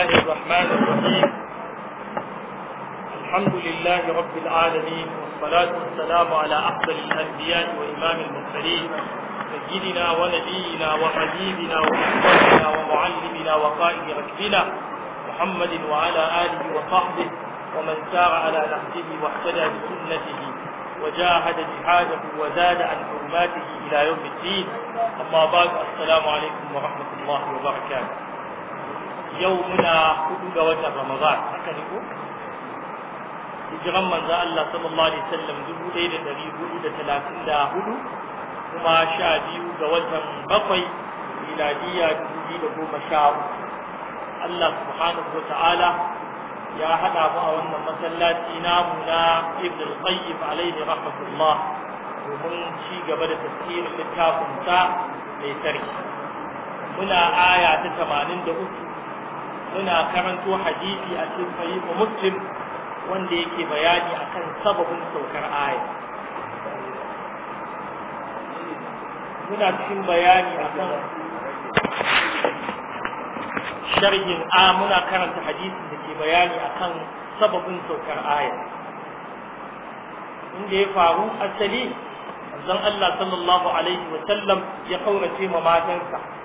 الله الرحمن الرحيم الحمد لله رب العالمين والصلاة والسلام على أفضل الأنبياء وإمام المرسلين سيدنا ونبينا وحبيبنا وأسوتنا ومعلمنا وقائد ركبنا محمد وعلى آله وصحبه ومن سار على نهجه واهتدى بسنته وجاهد جهاده وزاد عن حرماته إلى يوم الدين أما بعد السلام عليكم ورحمة الله وبركاته yau muna hudu ga watan Ramadan haka ne ko hijiran manzo Allah sallallahu alaihi wasallam 1434 kuma sha biyu ga watan bakwai miladiya 2010 Allah subhanahu wata'ala ya hada mu a wannan masallaci namu na Ibn al-Qayyim alaihi rahmatullah domin ci gaba da tafsirin littafin sa mai sarki muna aya ta 83 muna karanto hadisi a cikin sahih muslim wanda yake bayani akan sababin saukar aya muna cikin bayani akan sharhin a muna karanta hadisin da ke bayani akan sababin saukar aya inda ya faru asali zan Allah sallallahu alaihi wa sallam ya kaurace ma matansa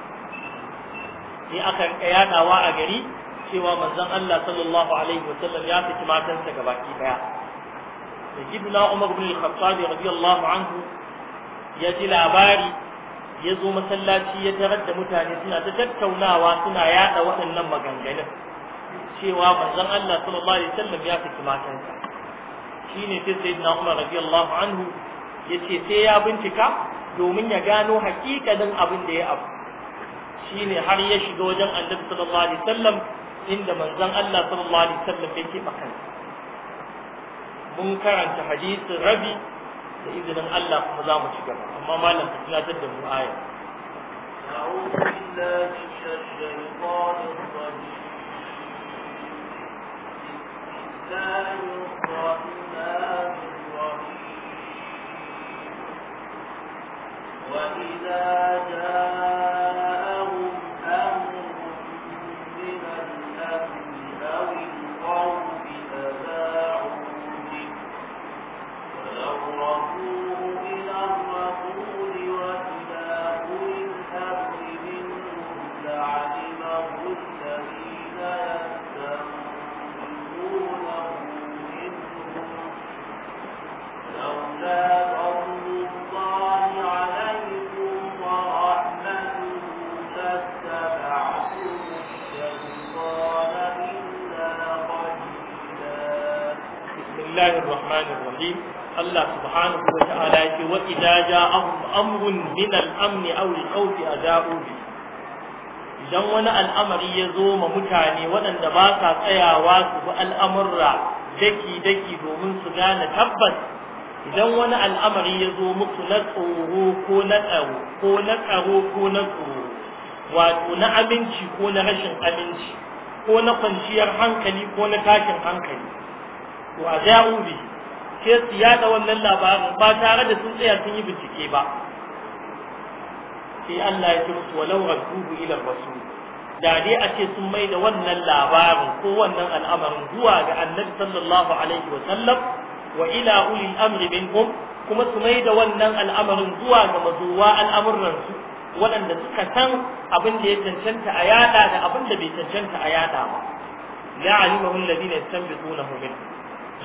sai aka rinka yadawa a gari cewa manzon Allah sallallahu alaihi wasallam ya saki matansa gabaki daya sayyidina Umar bin Khattab radiyallahu anhu ya ji labari ya zo masallaci ya tarar da mutane suna ta tattaunawa suna yada waɗannan maganganun cewa manzon Allah sallallahu alaihi wasallam ya saki matansa shine sai sayyidina Umar radiyallahu anhu ce sai ya bincika domin ya gano haƙiƙanin abin da ya abu shine har ya shiga wajen annabi sallallahu alaihi wasallam inda manzon Allah sallallahu alaihi wasallam yake makan mun karanta hadisin rabi da izinin Allah kuma za mu shiga amma malam ka tunatar da mu aya وإذا جاء Allah subhanahu wa ta'ala amrun min al idan wani al'amari ya zo ma mutane waɗanda ba sa tsayawa su bi al'amurra daki daki domin su gane tabbas idan wani al'amari ya zo muku na tsoro ko na tsaro ko na tsaro ko na tsoro wato na aminci ko na rashin aminci ko na kwanciyar hankali ko na tashin hankali wa za'u bihi sai su yada wannan labarin ba tare da sun tsaya sun yi bincike ba sai Allah ya ce musu walau radduhu ila rasul da dai a ce sun mai da wannan labarin ko wannan al'amarin zuwa ga annabi sallallahu alaihi wa sallam wa ila ulil amri minhum kuma su mai da wannan al'amarin zuwa ga mazuwa al'amuran su waɗanda suka san abin da ya cancanta a yada da abin da bai cancanta a yada ba ya alimahu alladhina yastanbitunahu minhum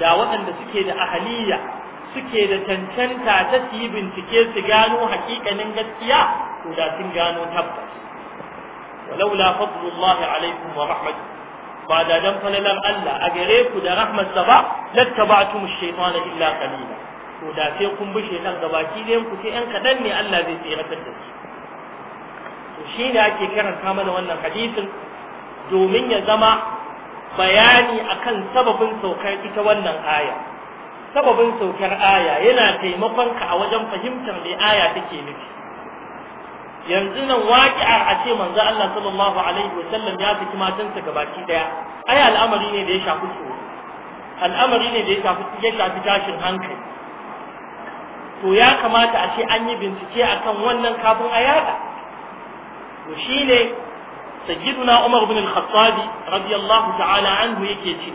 da waɗanda suke da ahaliya suke da cancanta ta su yi bincike su gano haƙiƙanin gaskiya to da sun gano tabbas walaula fadlullahi alaikum wa rahmatuhu ba da dan falalar Allah a gare ku da rahmatsa ba lattaba'tum ash-shaytana illa qalila to da sai kun bi shaytan gabaki ne ku sai ɗan kadan ne Allah zai tsira da su to shi ne ake karanta mana wannan hadisin domin ya zama bayani akan sababin saukar ita wannan aya sababin saukar aya yana taimakon ka a wajen fahimtar me aya take nufi yanzu nan waqi'a a ce manzo Allah sallallahu alaihi wa sallam ya saki matansa gabaki daya Aya al'amari ne da ya shafi tsoro al'amari ne da ya shafi ya shafi tashin hankali to ya kamata a ce an yi bincike akan wannan kafin a yada to shine سيدنا عمر بن الخطاب رضي الله تعالى عنه يكيتي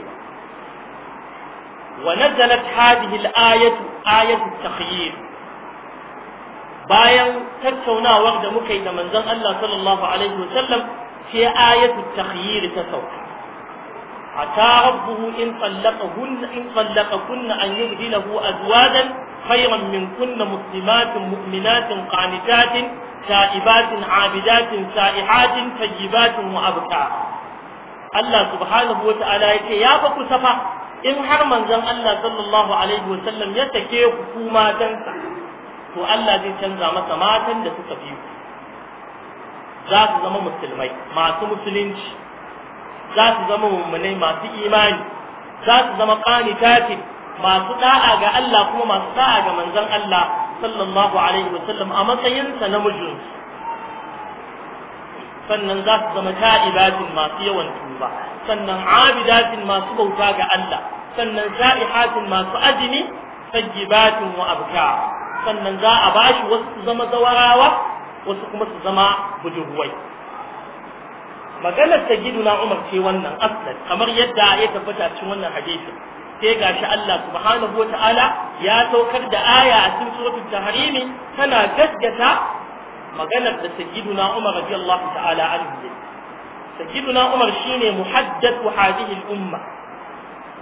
ونزلت هذه الآية آية التخيير بايا تكتونا وقد مكيد من ذن الله صلى الله عليه وسلم هي آية التخيير تسوق عسى ربه إن طلقهن إن طلقكن أن يبدله أزواجا خيرا منكن مسلمات مؤمنات قانتات تائبات عابدات سائحات طيبات وأبكار Allah subhanahu wata'ala yake ya fa in har manzon Allah sallallahu alaihi wasallam ya take ku ku Allah zai canza masa matan da suka fi ku za su zama musulmai masu musulunci za su zama mummunai masu imani za su zama qanitatin masu da'a ga Allah kuma masu da'a ga manzan Allah sallallahu alaihi wa sallam a matsayinsa na mijinsu sannan za su zama ta'ibatin masu yawan tuba sannan abidatin masu bauta ga Allah sannan sa'ihatin masu ajini sajibatin wa abka sannan za a bashi wasu su zama zawarawa wasu kuma su zama budurwai maganar sayyiduna Umar ce wannan aslan kamar yadda ya tabbata cikin wannan hadisi sai gashi Allah subhanahu wata'ala ya saukar da aya a cikin suratul tahrimi tana gaskata maganar da sayyiduna Umar radiyallahu ta'ala anhu sayyiduna Umar shine muhaddathu hadhihi al-umma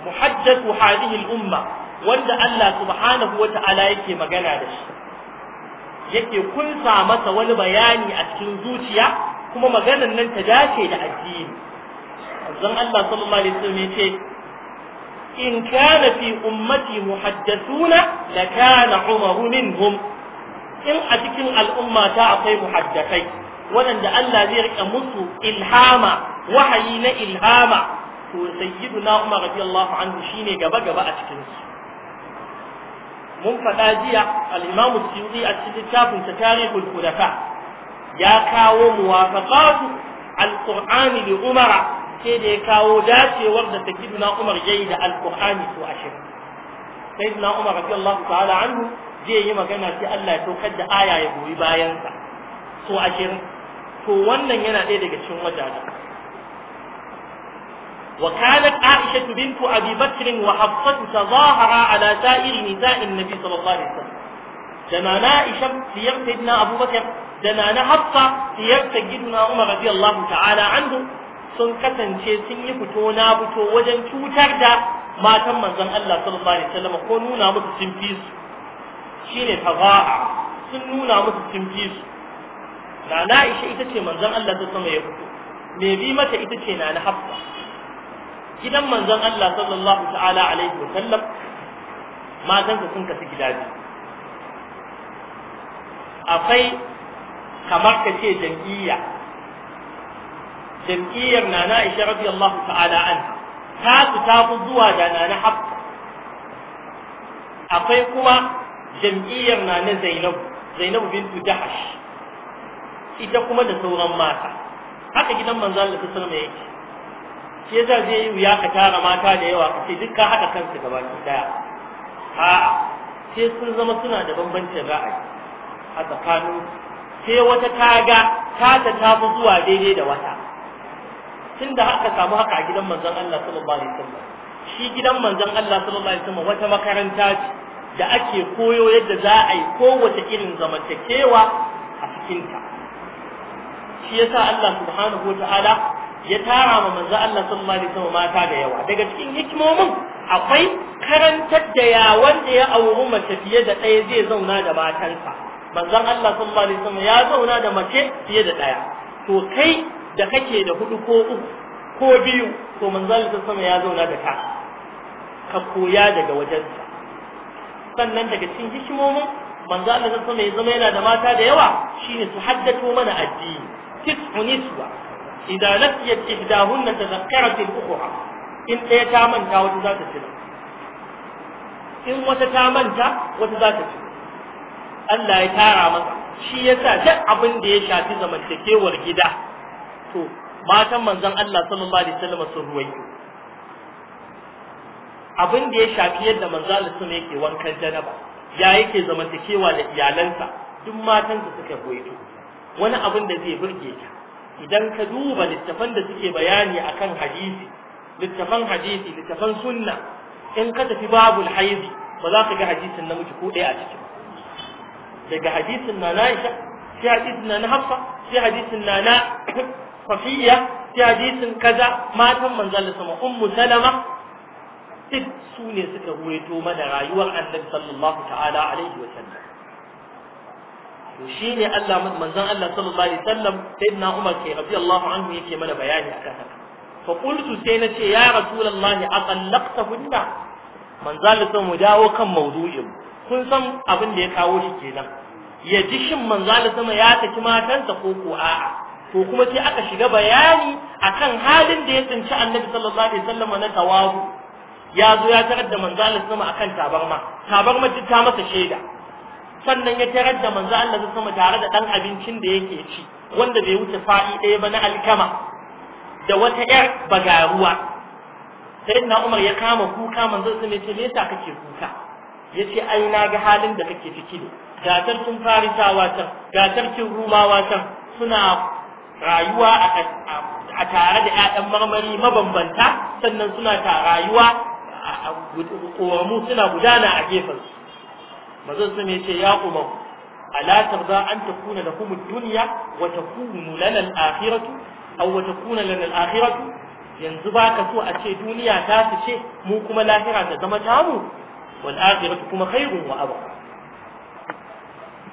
muhaddathu hadhihi al-umma wanda Allah subhanahu wata'ala yake magana da shi yake kunsa masa wani bayani a cikin zuciya kuma maganar nan ta dace da addini azan Allah sallallahu alaihi wasallam yace in kana fi ummati muhaddathuna la kana umar minhum in a cikin al'umma ta akwai muhaddathai waɗanda Allah zai rika musu ilhama wahayi na ilhama to sayyiduna umar radiyallahu anhu shine gaba gaba a cikin su mun faɗa jiya al-imamu suyuti a cikin littafin sa tarihul khulafa ya kawo muwafaqatu alqur'ani li Umar sai da ya kawo dacewar da sayyidina umar yayi da alqur'ani su ashir sayyidina umar radiyallahu ta'ala anhu zai yi magana sai Allah ya saukar da aya ya goyi bayansa so ashirin to wannan yana ɗaya daga cikin wajaje wa kanat aisha bintu abi bakr wa hafsat tazahara ala sa'ir nisa'in nabi sallallahu alaihi wasallam jama'a aisha siyar sayyidina abubakar da na hafsa siyarta gidna umar radiyallahu ta'ala anhu sun kasance sun yi fito na fito wajen cutar da matan manzon Allah sallallahu alaihi wasallam ko nuna musu sun fi su shine taba'a sun nuna musu sun fi su na na isha ita ce manzon Allah ta sama ya fito me bi mata ita ce na na hafsa gidan manzon Allah sallallahu ta'ala alaihi wasallam matan sun kasu gidaje. biyu akwai kamar ka ce jam'iyya jam'iyyar na na ishe rabi Allah ta'ala an ta su ta fi zuwa da na na hafsa akwai kuma jam'iyyar na na zainabu zainabu bintu jahash ita kuma da sauran mata haka gidan manzan da ta sallama yake shi yasa zai yi wuya ka tara mata da yawa ka ce duk ka haɗa kansu gaba ki daya a'a sai sun zama suna da bambancin ra'ayi a tsakanin sai wata kaga ta ta fi zuwa daidai da wata tun da haka samu haka a gidan manzon Allah sallallahu alaihi wasallam shi gidan manzon Allah sallallahu alaihi wasallam wata makaranta ce da ake koyo yadda za a yi kowace irin zamantakewa a cikin ta shi yasa Allah subhanahu wataala ya tara ma manzon Allah sallallahu alaihi wasallam mata da yawa daga cikin hikimomin akwai karantar da ya wanda ya auri mace fiye da ɗaya zai zauna da matansa manzon Allah sallallahu alaihi wasallam ya zauna da mace fiye da daya to kai da kake da hudu ko uku ko biyu to manzon Allah sallallahu ya zauna da ka ka koya daga wajensa sannan daga cikin hikimomin manzo Allah sallallahu alaihi wasallam yana da mata da yawa shine su haddato mana addini tis'u niswa idza laqiyat ihdahunna tadhakkarat al-ukhra in ɗaya ta manta wata za ta tuna in wata ta manta wata za ta ci? Allah ya tara masa shi yasa duk abin da ya shafi zamantakewar gida to matan manzon Allah sallallahu alaihi wasallam sun ruwaito abin da ya shafi yadda manzon Allah sun yake wankan janaba ya yake zamantakewa da iyalansa duk matan da suka ruwaito wani abin da zai burge ka idan ka duba littafan da suke bayani akan hadisi littafan hadisi littafan sunna in ka tafi babul haizi ba za ka ga hadisin namiji ko ɗaya a cikin ba daga hadisin na Aisha sai hadisin na Hafsa sai hadisin na na Safiya sai hadisin kaza matan manzo Allah sama ummu Salama duk su ne suka ruwaito mana rayuwar Annabi sallallahu ta'ala alaihi wa sallam to shine Allah manzon Allah sallallahu alaihi wasallam sayyidina Umar ke radiyallahu anhu yake mana bayani akan haka fa qultu sai na ce ya rasulullahi aqallaqtahunna manzon Allah mu dawo kan mawdu'in kun san abin da ya kawo shi kenan ya ji shin manzo sama ya saki matansa ko ko a'a to kuma sai aka shiga bayani akan halin da ya tsinci annabi sallallahu alaihi wasallam na tawazu ya zo ya tarar da manzo Allah sama akan tabarma tabarma ta ta masa shaida sannan ya tarar da manzo Allah sama tare da dan abincin da yake ci wanda bai wuce fa'i ɗaya ba na alkama da wata yar bagaruwa sai na Umar ya kama kuka manzo sama ya ce me yasa kake kuka ya ce ai na ga halin da kake ciki ne ga sarkin farisawa can ga kin rumawa can suna rayuwa a tare da 'ya'yan marmari mabambanta sannan suna ta rayuwa ƙoramu suna gudana a gefensu mazan sun ya ce ya umaru ala tarda an takuna da ad-dunya wa takunu lana al aw lana yanzu baka so a ce duniya ta su ce mu kuma lahira ta zama tamu wal akhiratu kuma khairun wa abqa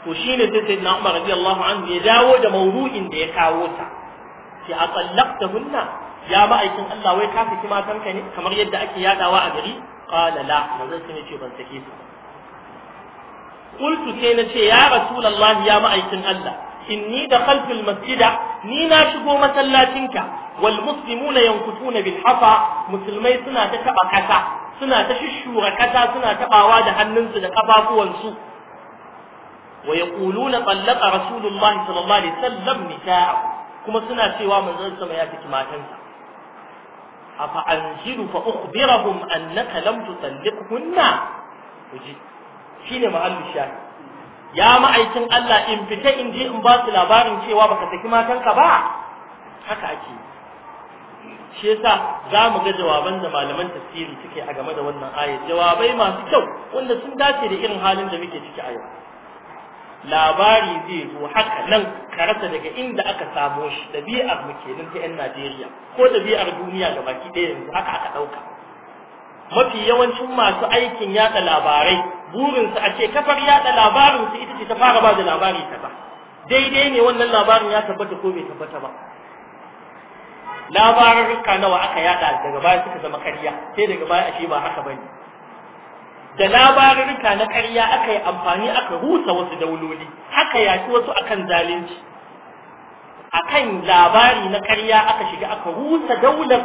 to shine sai sayyidina Umar radiyallahu anhu ya dawo da mawdu'in da ya kawo ta sai a tsallaqtahunna ya ma'aikin Allah wai ka saki matanka ne kamar yadda ake yadawa a gari qala la manzon sai ce ban sake su qultu sai na ce ya rasulullah ya ma'aikin Allah inni dakhaltu almasjida ni na shigo masallacinka wal muslimuna yankutuna bil hafa musulmai suna ta taba kasa suna ta shushura kasa suna tabawa da hannunsu da kafafuwansu wa yaquluna tallaqa rasulullahi sallallahu alaihi wasallam nisaa kuma suna cewa manzon sama ya fiki matansa afa anziru fa ukhbirahum annaka lam tutalliqhunna uji shine mahallu shahi ya ma'aikin Allah in fita in je in ba su labarin cewa baka saki matanka ba haka ake yi shi yasa za mu ga jawaban da malaman tafsiri suke a game da wannan aya jawabai masu kyau wanda sun dace da irin halin da muke ciki a yau labari zai zo haka nan ka daga inda aka samo shi ɗabi'ar mu kenan ta 'yan Najeriya ko ɗabi'ar duniya ga baki ɗaya yanzu haka aka ɗauka mafi yawancin masu aikin yada labarai burinsu a ce kafar yada labarinsu ita ce ta fara ba da labari ta ba daidai ne wannan labarin ya tabbata ko bai tabbata ba labarurruka nawa aka yada daga baya suka zama ƙarya sai daga baya shi ba haka bane da labarurruka na ƙarya aka yi amfani aka rusa wasu dauloli ya yaki wasu akan zalunci akan labari na ƙarya aka shiga aka rusa daular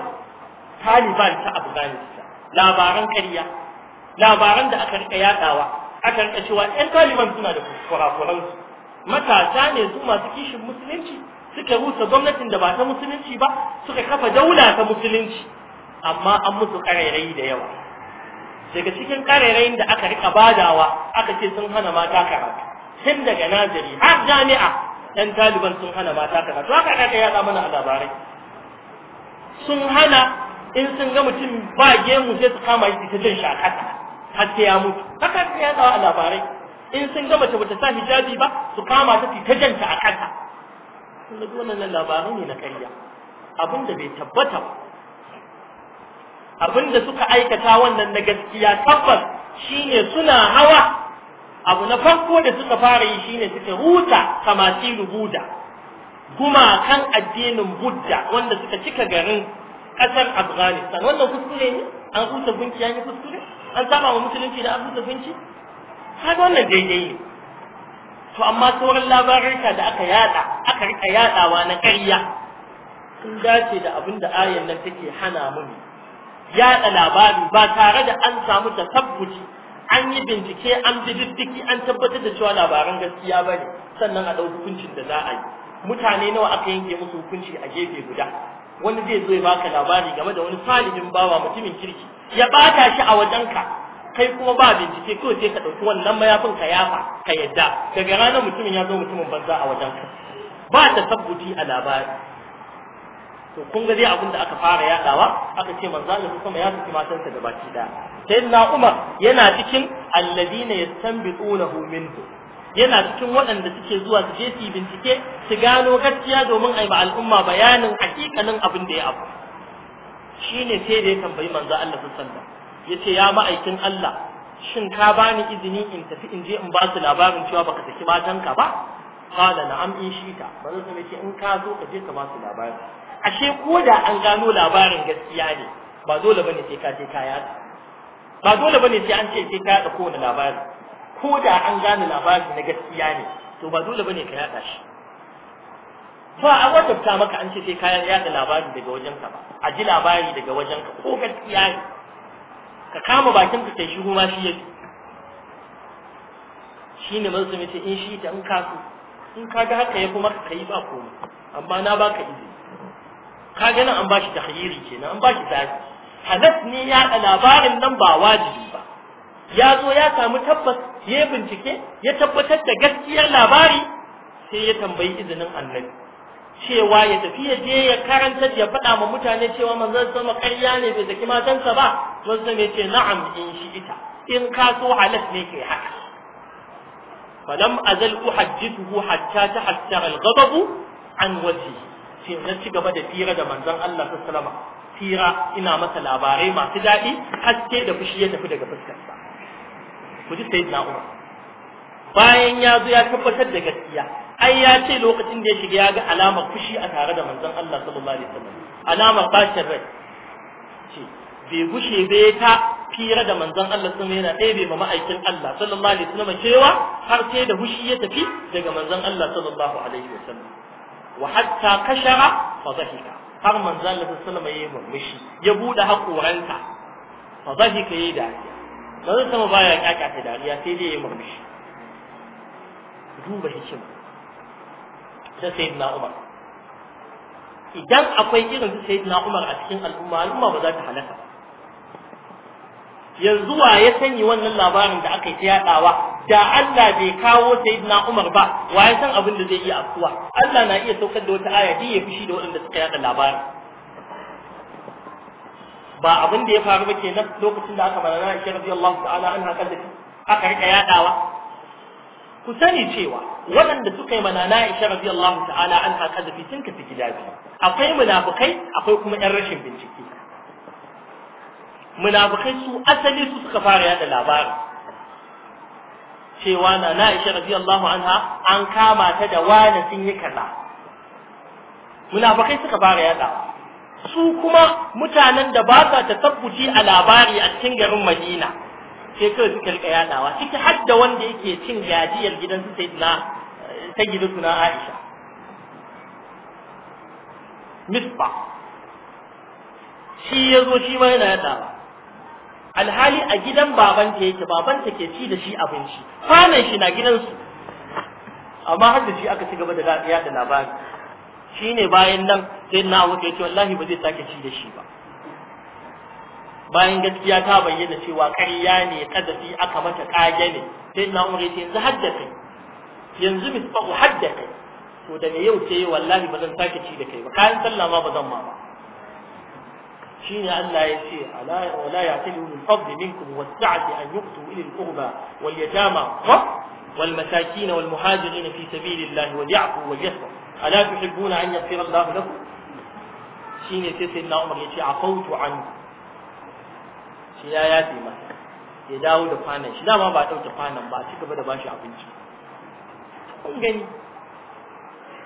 Taliban ta Afghanistan labaran ƙarya labaran da aka rika yadawa aka rika cewa ƴan Taliban suna da kurakuransu matasa ne su masu kishin musulunci suka rusa gwamnatin da ba ta musulunci ba suka kafa daula ta musulunci amma an musu ƙarairayi da yawa daga cikin ƙarairayin da aka rika badawa aka ce sun hana mata karatu tun daga nazari har jami'a ɗan taliban sun hana mata karatu haka aka yaɗa mana a labarai sun hana in sun ga mutum ba gemu sai su kama shi ta jin shakata har sai ya mutu haka aka yaɗa a labarai in sun ga mace bata sa hijabi ba su kama ta ta janta a kanta kuma duk wannan labaru ne na ƙarya abin bai tabbata ba abin suka aikata wannan na gaskiya tabbas shine suna hawa abu na farko da suka fara yi shine suka ruta rubuda, buda kan addinin budda wanda suka cika garin kasar afghanistan wannan kuskure ne an rusa gunki an yi kuskure an saba wa musulunci da an rusa gunki har wannan daidai ne to amma sauran labarurka da aka yada aka rika yadawa na ƙarya sun dace da abin da ayan nan take hana mun yada labari ba tare da an samu tasabbuci an yi bincike an bi diddiki an tabbatar da cewa labaran gaskiya ba sannan a ɗau hukuncin da za a yi mutane nawa aka yanke musu hukunci a gefe guda wani zai zo ya baka labari game da wani salihin bawa mutumin kirki ya bata shi a wajenka kai kuma ba bincike ko sai ka dauki wannan mayafin ka yafa ka yadda daga ranar mutumin ya zo mutumin banza a wajen ka ba ta tabbuti a labari to kun ga dai abinda aka fara yadawa aka ce manzo Allah kuma ya saki matansa da baki da na Umar yana cikin alladina yastanbitunahu minhu yana cikin waɗanda suke zuwa su je su bincike su gano gaskiya domin a yi ba al'umma bayanin hakikanin abin da ya abu shine sai da ya tambayi manzo Allah sallallahu alaihi wasallam yace ya ma'aikin Allah shin ka bani izini in tafi in je in ba su labarin cewa baka saki matanka ba qala na'am in shita manzo sai yace in ka zo ka je ka ba su labarin ashe koda an gano labarin gaskiya ne ba dole bane sai ka je ka yada ba dole bane sai an ce sai ka yada kowane labari ko da an gano labarin na gaskiya ne to ba dole bane ka yada shi to a wata maka an ce sai kayan yada labari daga ka ba a ji labari daga wajen ka ko gaskiya ne ka kama bakin ka kai shi kuma shi yake ne mazu yace in shi ta in ka so in ka ga haka ya kuma ka yi ba komai amma na baka izini ka ga nan an bashi tahyiri kenan an bashi zafi halas ne ya da labarin nan ba wajibi ba ya zo ya samu tabbas ya bincike ya tabbatar da gaskiyar labari sai ya tambayi izinin annabi cewa ya tafi ya je ya karanta ya faɗa ma mutane cewa manzon sama ƙarya ne bai zaki matansa ba manzon sama yace na'am in shi ita in ka halas ne ke haka falam azal uhajjithu hatta tahassara al-ghadab an wajhi sai na ci gaba da fira da manzon Allah sallallahu alaihi wasallam fira ina masa labarai masu daɗi haske da fushi ya tafi daga fuskarsa ku ji sayyidina Umar bayan ya zo ya tabbatar da gaskiya ai ya ce lokacin da ya shiga ya ga alamar fushi a tare da manzon Allah sallallahu alaihi wasallam alamar bashin rai ce bai gushe bai ta fira da manzon Allah sun yana ɗebe ma ma'aikin Allah sallallahu alaihi wasallam cewa har sai da hushi ya tafi daga manzon Allah sallallahu alaihi wasallam wa hatta kashara fa zahika. har manzon Allah sallallahu alaihi wasallam ya murmushi ya bude haƙoranka fa dhahika yayi dariya manzon sama baya kakata dariya sai dai ya yi murmushi duba hikima ta sayyidina Umar idan akwai irin su sayyidina Umar a cikin al'umma al'umma ba za ta halaka yanzu wa ya sani wannan labarin da aka yi ta yadawa da Allah bai kawo sayyidina Umar ba wa ya san abin da zai yi afkuwa Allah na iya saukar da wata aya din ya fushi da waɗanda suka yada labarin ba abin da ya faru ba kenan lokacin da aka manana Aisha radiyallahu ta'ala anha da aka rika yadawa ku sani cewa waɗanda suka yi mana na isha rabi Allah ta'ala an haka da sun kafi gida biyu akwai munafukai akwai kuma ƴan rashin bincike munafukai su asali su suka fara yada labarin. cewa na na isha rabi Allah anha an kama ta da wani sun yi kaza munafukai suka fara yada su kuma mutanen da ba sa ta tasabbuci a labari a cikin garin Madina sai kawai suka rika yadawa ciki har da wanda yake cin gajiyar gidansu gidan su sai na sayyidu suna Aisha misba shi yazo shi ma yana yadawa alhali a gidan babanta yake babanta ke ci da shi abinci kwanan shi na gidansu amma har da shi aka ci gaba da yada labari shine bayan nan sai na wuce ce wallahi ba zai sake ci da shi ba bayan gaskiya ta bayyana cewa ƙarya ne kadafi aka mata kage ne sai na umar yace yanzu haddaka yanzu bi hadda haddaka to daga yau ce wallahi bazan sake ci da kai ba kayan sallah ma bazan ma ba zan ma ba شين ألا يشيء ولا يعتلهم الفضل منكم والسعة أن يؤتوا إلى القربى واليتامى والمساكين ya'fu في yasfa ala وليعفوا an yaghfira Allah lakum shine sai sai na سيدنا ya ce عفوت anhu shi ya yafe masa ya dawo da kwanan shi dama ba a ɗauke kwanan ba a ci gaba da bashi abinci kun gani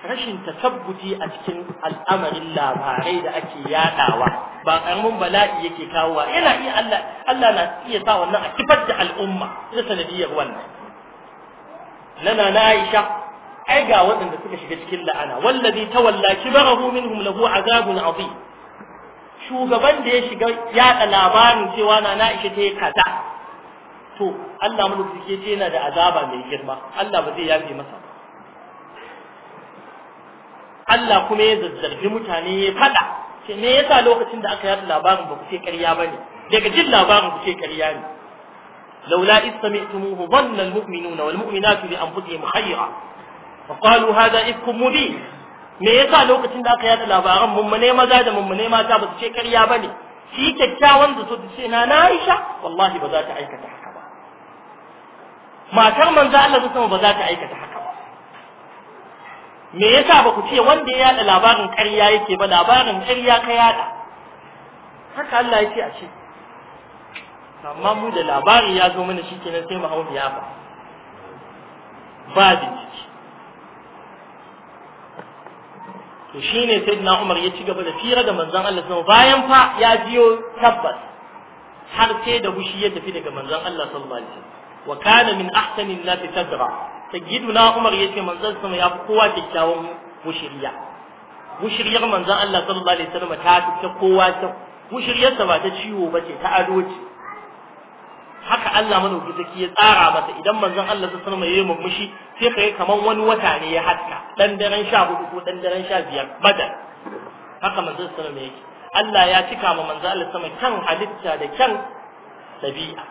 rashin tasabbuti a cikin al'amarin labarai da ake yadawa ba karamin bala'i yake wa yana iya Allah Allah na iya sa wannan a kifar da al'umma da sanadiyar wannan Nana na Aisha ai ga waɗanda suka shiga cikin la'ana wallazi tawalla kibarahu minhum lahu azabun azim shugaban da ya shiga yaɗa labarin cewa na na ta yi kaza to Allah madaukaki ce yana da azaba mai girma Allah ba zai yafe masa Allah kuma ya zazzargi mutane ya faɗa. ce me yasa lokacin da aka yada labarin ba ku ce ƙarya ne? daga jin labarin ku ce ƙarya ne لولا إذ سمعتموه ظن المؤمنون والمؤمنات بأنفسهم خيرا وقالوا هذا إفك مبين me yasa lokacin da aka yada labaran mummune maza da mummune mata ba su ce ƙarya bane su kyakkyawan da so ce na Aisha wallahi ba za ta aikata haka ba matar manzo Allah sama ba za ta aikata haka ba me yasa ba ku ce wanda ya yada labarin ya yake ba labarin ƙarya ka yada haka Allah ya ce a ce amma mu da labari ya zo mana shikenan sai mu hau biyafa ba bincike to shine sayyidina Umar ya ci gaba da fira da manzon Allah sallallahu bayan fa ya jiyo tabbas har sai da bushi ya tafi daga manzon Allah sallallahu alaihi wasallam wa kana min ahsani an-nasi tadra sayyidina Umar ya ce manzon sama ya fi kowa kyakkyawan mushiriya mushiriyar manzon Allah sallallahu alaihi wasallam ta fi kowa ta mushiryar ba ta ciwo ba ce ta ado ce haka Allah madauki saki ya tsara masa idan manzon Allah ta sanar yayi mummushi sai kai kaman wani wata ne ya haska dan daren 14 ko dan daren 15 badal haka manzon sallallahu alaihi yake Allah ya cika ma manzon Allah sama kan halitta da kan dabi'a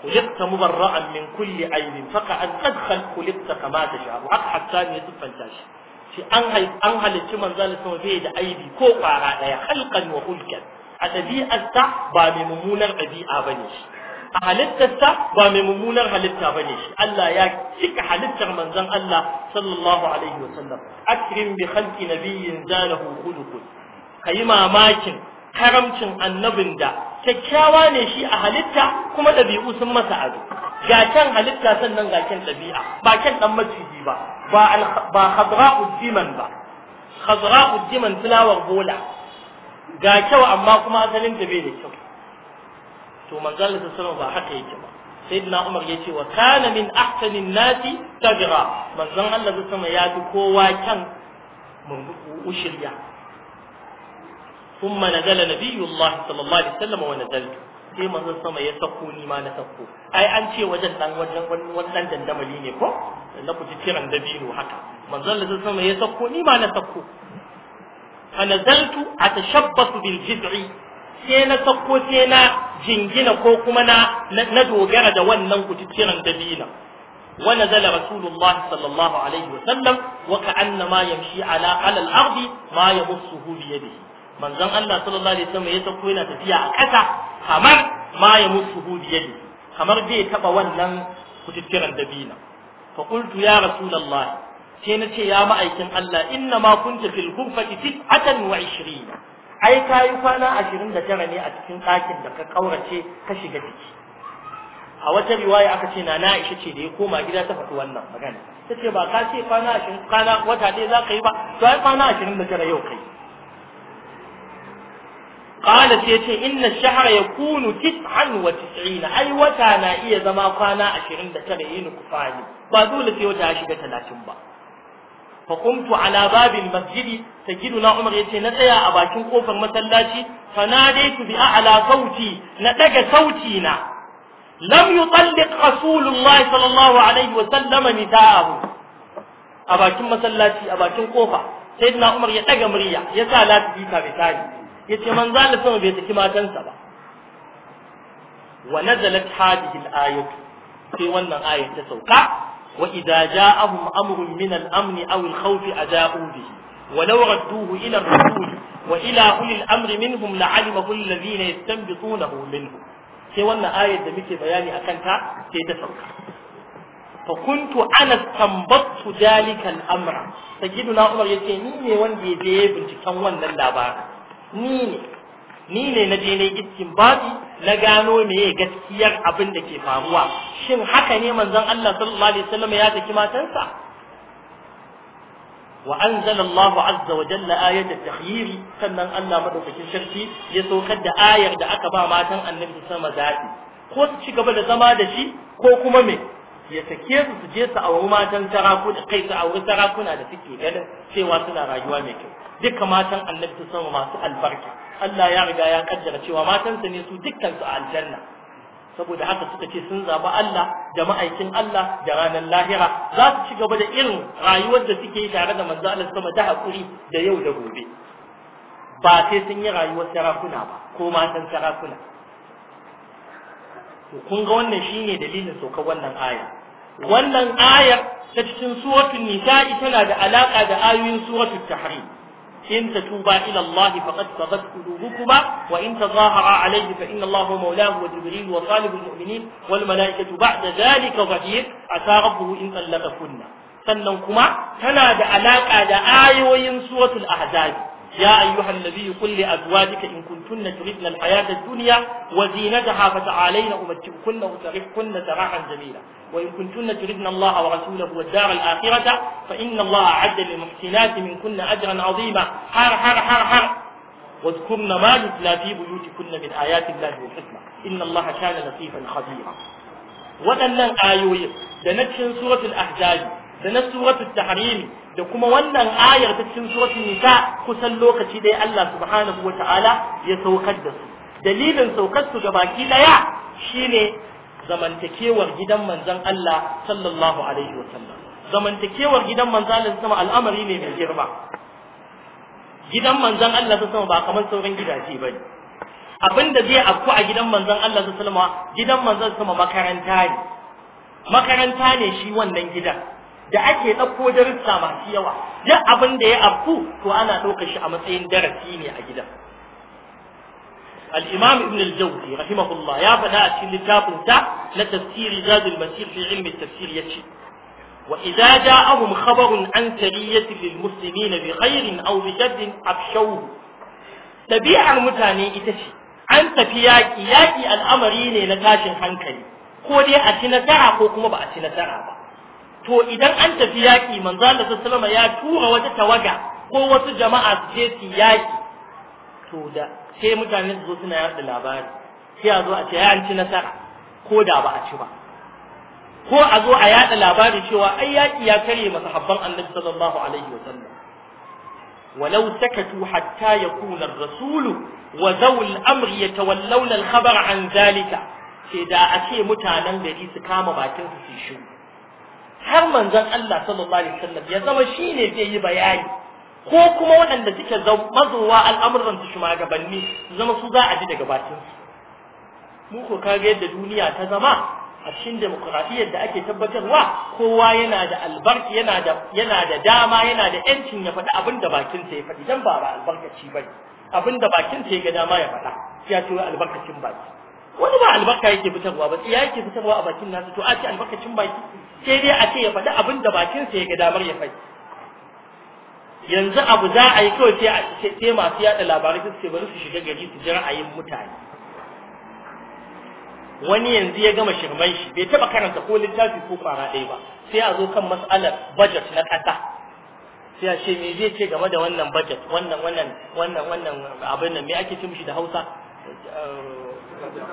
khuliqta mubarra'an min kulli aibin faqa an qad khuliqta kama tashabu haka hatta ne tufanta shi shi an an halicci manzon Allah sama bai da aibi ko kwara daya halqan wa hulkan a ɗabi'arsa ba mai mummunar ɗabi'a bane shi a halittarsa ba mai mummunar halitta ba ne shi Allah ya cika halittar manzon Allah sallallahu alaihi wasallam akrim bi khalqi nabiyyin zalahu Ka yi mamakin karamcin annabin da kyakkyawa ne shi a halitta kuma ɗabi'u sun masa ado ga kyan halitta sannan ga kyan ɗabi'a ba kyan ɗan maciji ba ba hadra'u diman ba fulawar bola ga kyau amma kuma asalin ta bai da kyau to manzo Allah sallallahu ba haka yake ba sayyidina Umar yace wa kana min ahsanin nasi tajra manzo Allah sallallahu alaihi ya fi kowa kan ushirya ثم نزل نبي الله صلى الله عليه وسلم ونزلت sai manzon sama ya sako ni ma na sako ai an ce wajen dan wajen wannan dandamali ne ko na kuci kiran dabino haka manzon Allah sama ya sako ni ma na sako fa nazaltu atashabbasu bil jiz'i sai na sako sai na jingina ko kuma na na dogara da wannan kuticiran dabina wa nazala rasulullah sallallahu alaihi wa sallam wa ma yamshi ala ala al-ardi ma yamassuhu bi yadihi manzon Allah sallallahu alaihi wasallam ya sako yana tafiya a ƙasa kamar ma yamassuhu bi yadihi kamar bai taba wannan kuticiran dabina fa qultu ya rasulullah sai na ce ya ma'aikin Allah inna ma kunta fil ghurfati tis'atan wa 20 ai ka yi kwana ashirin da tara ne a cikin ɗakin da ka ƙaurace ka shiga ciki a wata riwaya aka ce na na'isha ce da ya koma gida ta faɗi wannan magana ta ce ba ka ce kwana ashirin kwana wata ɗaya za ka yi ba to ai kwana ashirin da tara yau kai قال تيتي إن الشهر يكون تسعا وتسعين أي وتانا إيه yi nuku أشرين Ba dole sai wata ya shiga talatin ba. fa qumtu ala ta masjid sayyiduna umar yace na tsaya a bakin kofar masallaci fa nadaitu bi a'la na daga sauti na lam yutalliq rasulullahi sallallahu alaihi wa sallam nita'ahu a bakin masallaci a bakin ƙofa, sayyidina umar ya daga murya ya sa lafiya bai tare yace manzo Allah sama bai saki matansa ba wa nazalat hadhihi al-ayatu sai wannan ayat ta sauka وإذا جاءهم أمر من الأمن أو الخوف أداؤوا به ولو ردوه إلى الرسول وإلى أولي الأمر منهم لعلمه الذين يستنبطونه منهم sai wannan ayar da muke bayani akan ta sai ta sauka fa kuntu ana tambattu dalikal amra sayyiduna umar yace ni ne wanda ya je binciken wannan labarin ni ne ni ne na je na yi istinbati na gano meye gaskiyar abin da ke faruwa shin haka ne manzon Allah sallallahu alaihi wasallam ya saki matansa wa anzala Allah azza wa jalla ayat at-takhyir sannan Allah madaukakin sarki ya saukar da ayar da aka ba matan annabi sama zaɓi ko su ci gaba da zama da shi ko kuma me ya sake su su je su auri matan sarakuna kai su auri sarakuna da suke ganin cewa suna rayuwa mai kyau duka matan annabi sama masu albarka Allah ya riga ya kaddara cewa matansa ne su dukkan su a aljanna saboda haka suka ce sun zaɓi Allah da ma'aikin Allah da ranar lahira za su ci gaba da irin rayuwar da suke yi tare da manzo Allah sama ta hakuri da yau da gobe ba sai sun yi rayuwar sarakuna ba ko matan sarakuna to kun ga wannan shine dalilin saukar wannan aya wannan ayar ta cikin suratul nisa'i tana da alaka da ayoyin suratul tahrim إن تتوبا إلى الله فقد صغت قلوبكما وإن تظاهرا عليه فإن الله مولاه وجبريل وصالح المؤمنين والملائكة بعد ذلك ظهير عسى ربه إن طلقكن sannan kuma tana da alaƙa da ayoyin suratul يا أيها النبي قل لأزواجك إن كنتن تردن الحياة الدنيا وزينتها فتعالين أمتعكن وسرحكن سراحا جميلا وإن كنتن تردن الله ورسوله والدار الآخرة فإن الله أعد للمحسنات منكن أجرا عظيما حر حر حر حر واذكرن ما يتلى في بيوتكن من آيات الله والحكمة إن الله كان لطيفا خبيرا waɗannan ayoyin da سورة الأحزاب da na suratul tahrim da kuma wannan ayar ta cikin suratul nisa kusan lokaci dai Allah subhanahu wata'ala ya saukar da su dalilin saukar su ga baki daya shine zamantakewar gidan manzon Allah sallallahu alaihi wasallam zamantakewar gidan manzon Allah sama al'amari ne mai girma gidan manzon Allah sama ba kamar sauran gidaje bane abinda zai afku a gidan manzon Allah sallallahu alaihi wasallam gidan manzon sama makaranta ne makaranta ne shi wannan gidan da ake ɗauko darussa masu yawa duk abin da ya afku to ana ɗaukar shi a matsayin darasi ne a gidan الإمام ابن الجوزي رحمه الله يا بناء لتاب تاع لتفسير زاد المسير في علم التفسير يشي وإذا جاءهم خبر عن سرية للمسلمين بخير أو بشد أبشوه تبيع المتاني إتشي عن تفياك ياكي الأمرين لتاشن حنكلي ko dai a ci nasara ko kuma ba a ci nasara ba to idan an tafi yaƙi manzo Allah sallallahu ya tura wata tawaga ko wasu jama'a su je su yaƙi to da sai mutane su zo suna yaɗa labari sai a zo a ce ya an ci nasara ko da ba a ci ba ko a zo a yaɗa labari cewa ai yaƙi ya karye masa habban annabi sallallahu alaihi wa sallam ولو سكتوا حتى يكون الرسول وذو الأمر يتولون الخبر عن ذلك sai da a ce mutanen gari su kama bakin su har manzon Allah sallallahu alaihi wasallam ya zama shine zai yi bayani ko kuma waɗanda suke mazuwa al'amuran su shugabanni zama su za a ji daga bakin mu ko kaga yadda duniya ta zama a cikin demokradiyyar da ake tabbatarwa kowa yana da albarki yana da yana da dama yana da yancin ya faɗi abin da bakin sa ya faɗi dan ba ba albarkaci bane abin da bakin sa ya ga dama ya faɗa ya ce albarkacin baki wani ba albarka yake fitarwa ba ya yake fitarwa a bakin nasu to a ce albarkacin baki sai dai a ce ya faɗi abin da bakinsa ya ga damar ya faɗi yanzu abu za a yi kawai sai masu yaɗa labarai su ce bari su shiga gari su ji ra'ayin mutane wani yanzu ya gama shirman shi bai taɓa karanta ko littafi ko fara ɗaya ba sai a zo kan matsalar budget na ƙasa sai a ce me zai ce game da wannan budget wannan wannan wannan wannan abin nan me ake ce mishi da Hausa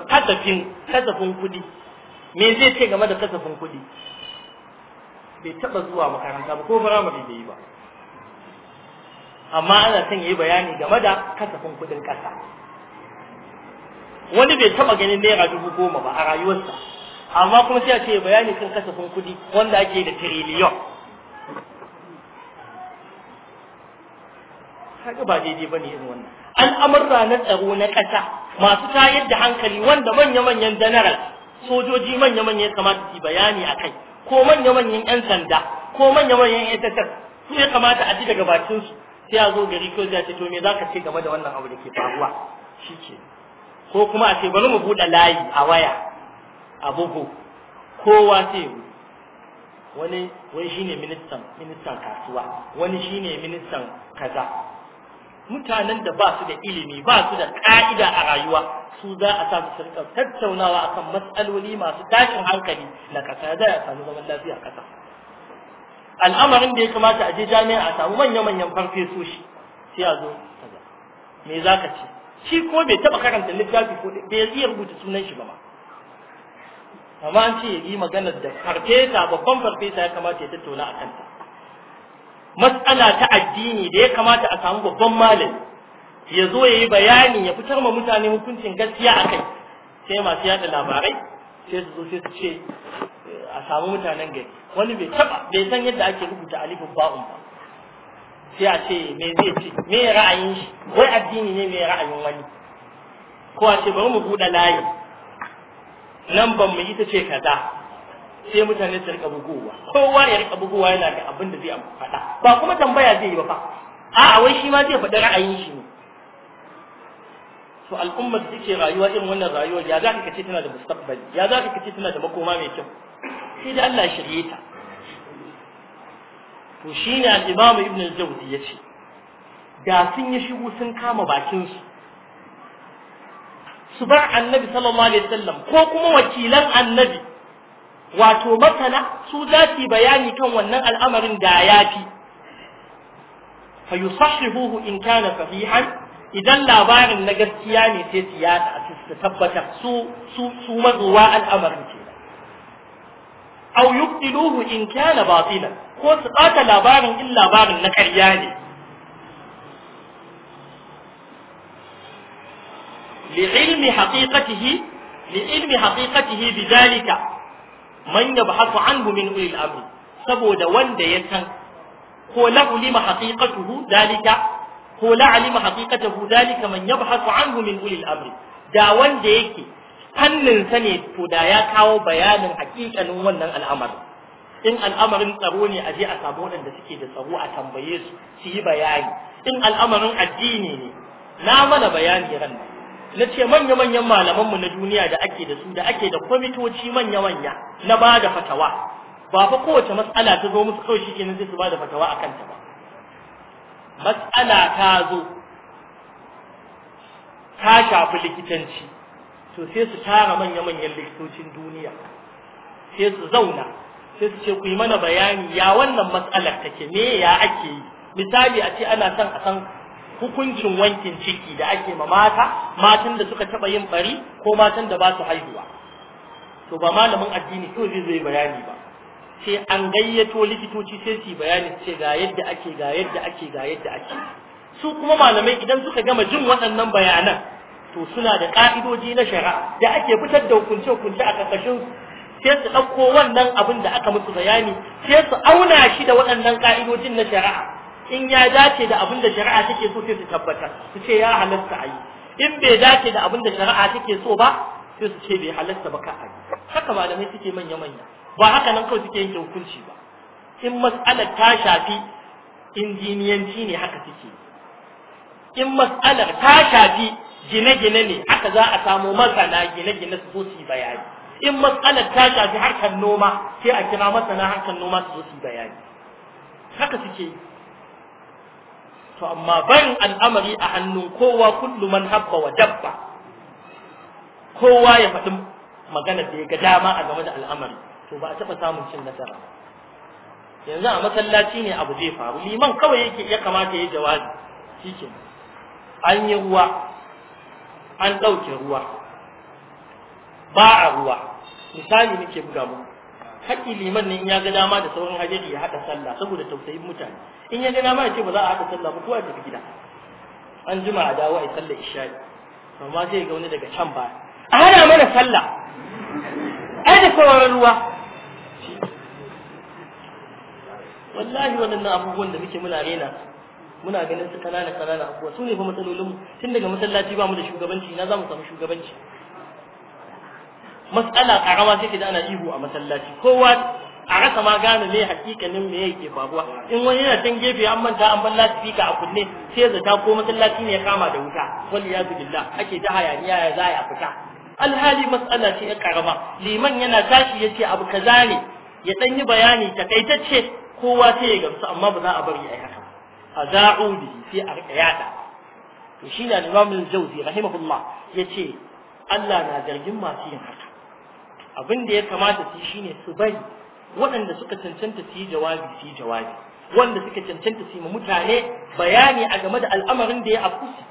kasafin kasafin kuɗi me zai ce game da kasafin kuɗi bai taba zuwa makaranta ba ko firamare bai yi ba amma ana son yi bayani game da kasafin kuɗin ƙasa wani bai taba ganin naira dubu goma ba a rayuwarsa amma kuma sai a ce bayani kan kasafin kuɗi wanda ake da tiriliyon haka ba daidai ba ne irin wannan al'amurra na tsaro na ƙasa masu tayar da hankali wanda manya-manyan janaral sojoji manya-manya kamata su bayani a kai ko manya-manyan 'yan sanda ko manya-manyan 'yan tattas su ya kamata a ji daga su sai a zo gari ko zai ce to me za ka ce game da wannan abu da ke faruwa shi ke ko kuma a ce bari mu buɗe layi a waya a bugu kowa sai ya wani wani shine ministan ministan kasuwa wani shine ministan kaza mutanen da ba su da ilimi ba su da ka'ida a rayuwa su za a samu su tattaunawa akan matsaloli masu tashin hankali na kasa da ya samu zaman lafiya a kasa al'amarin da ya kamata a je jami'a a samu manya-manyan farfesoshi sai a zo me za ka ce shi ko bai taba karanta littafi ko bai iya rubuta sunan shi ba ma amma an ce ya yi maganar da farfesa babban farfesa ya kamata ya tattauna a kanta matsala ta addini da ya kamata a samu babban malami ya zo ya yi bayani ya fitar ma mutane hukuncin gaskiya a kai sai masu yada labarai sai su zo sai su ce a samu mutanen gari wani bai taba bai san yadda ake rubuta alifin ba'un ba sai a ce me zai ce me ra'ayin shi wai addini ne me ra'ayin wani ko a ce bari mu buɗe layi nan ban mu ita ce kaza sai mutane su rika buguwa. kowa ya rika bugowa yana da abin da zai faɗa ba kuma tambaya zai yi ba fa a'a wai shi ma zai faɗi ra'ayin shi ne to al'ummar da take rayuwa irin wannan rayuwar ya za ka kace tana da mustaqbali ya za ka kace tana da makoma mai kyau sai da Allah shirye ta to shine al-Imam Ibn al-Jawzi yace da sun yi shigo sun kama bakin su su bar annabi sallallahu alaihi wasallam ko kuma wakilan annabi wato masana su za su bayani kan wannan al'amarin da ya fi fa yusahihuhu in kana sahihan idan labarin na gaskiya ne sai siyasa su tabbatar su su mazuwa al'amarin ce aw yubtiluhu in kana batilan ko su bata labarin in labarin na ƙarya ne li ilmi haƙiƙatihi, li ilmi bidalika man yabhasu anhu min ulil amri saboda wanda ya san ko la ulima haqiqatuhu dalika ko la alima haqiqatuhu dalika man yabhasu anhu min ulil amri da wanda yake hannun sa ne to da ya kawo bayanin haƙiƙanin wannan al'amarin in al'amarin tsaro ne a je a samu waɗanda suke da tsaro a tambaye su su yi bayani in al'amarin addini ne na mana bayani ran na ce manya-manyan malamanmu na duniya da ake da su da ake da kwamitoci manya-manya na ba da fatawa ba fa kowace matsala ta zo musu kawai shikenan zai su ba da fatawa a kanta ba matsala ta zo ta shafi likitanci to sai su tara manya-manyan likitocin duniya sai su zauna sai su ce ku yi mana bayani ya wannan matsalar take me ya ake yi misali a ce ana son a san hukuncin wankin ciki da ake ma mata matan da suka taba yin bari ko matan da ba su haihuwa to ba malamin addini to zai zai bayani ba sai an gayyato likitoci sai su bayani ce ga yadda ake ga yadda ake ga yadda ake su kuma malamai idan suka gama jin waɗannan bayanan to suna da ka'idoji na shari'a da ake fitar da hukunce hukunce a karkashin sai su ɗauko wannan abin da aka musu bayani sai su auna shi da waɗannan ka'idojin na shari'a in ya dace da abin da shari'a take so sai su tabbatar su ce ya halatta a yi in bai dace da abin da shari'a take so ba sai su ce bai halatta ba ka a yi haka malamai suke manya-manya ba haka nan kawai suke yanke hukunci ba in mas'alar ta shafi injiniyanci ne haka suke in mas'alar ta shafi gine-gine ne haka za a samo masana gine-gine su zo su bayani in mas'alar ta shafi harkar noma sai a kira masana harkar noma su zo su bayani haka suke to amma barin al'amari a hannun kowa kullu man habba wa dabba kowa ya faɗi magana da ya ga dama a game da al'amari to ba a taɓa samun cin nasara yanzu a masallaci ne abu zai faru liman kawai yake ya kamata ya jawabi shike an yi ruwa an ɗauke ruwa ba a ruwa misali nake buga muku haƙƙi liman ne in ya ga dama da sauran hajjaji ya haɗa sallah saboda tausayin mutane in ya ga dama ya ce ba za a haɗa sallah ba kowa tafi gida an jima a dawo a yi sallah isha'i amma zai ga wani daga can baya a hana mana sallah ai da sauran ruwa wallahi waɗannan abubuwan da muke muna rena muna ganin su kanana kanana abubuwa su ne fa matsalolinmu tun daga masallaci ba mu da shugabanci na za mu samu shugabanci matsala ƙarama take da ana ihu a masallaci kowa a rasa ma gane me hakikanin me yake faruwa in wani yana can gefe an manta an ban lasifika a kunne sai zata ko masallaci ne ya kama da wuta wal yazu billah ake ta hayaniya ya za a fita alhali matsala ce ya karama liman yana tashi ce abu kaza ne ya ɗan yi bayani takaitacce kowa sai ya gamsu amma ba za a bari yi haka a za'u bi sai a riƙa yada to shine al-Imam al-Jawzi ya ce Allah na zargin masu yin haka abin da ya kamata su shine su bari waɗanda suka cancanta su yi jawabi su yi jawabi wanda suka cancanta su yi mutane bayani a game da al'amarin da ya afkusi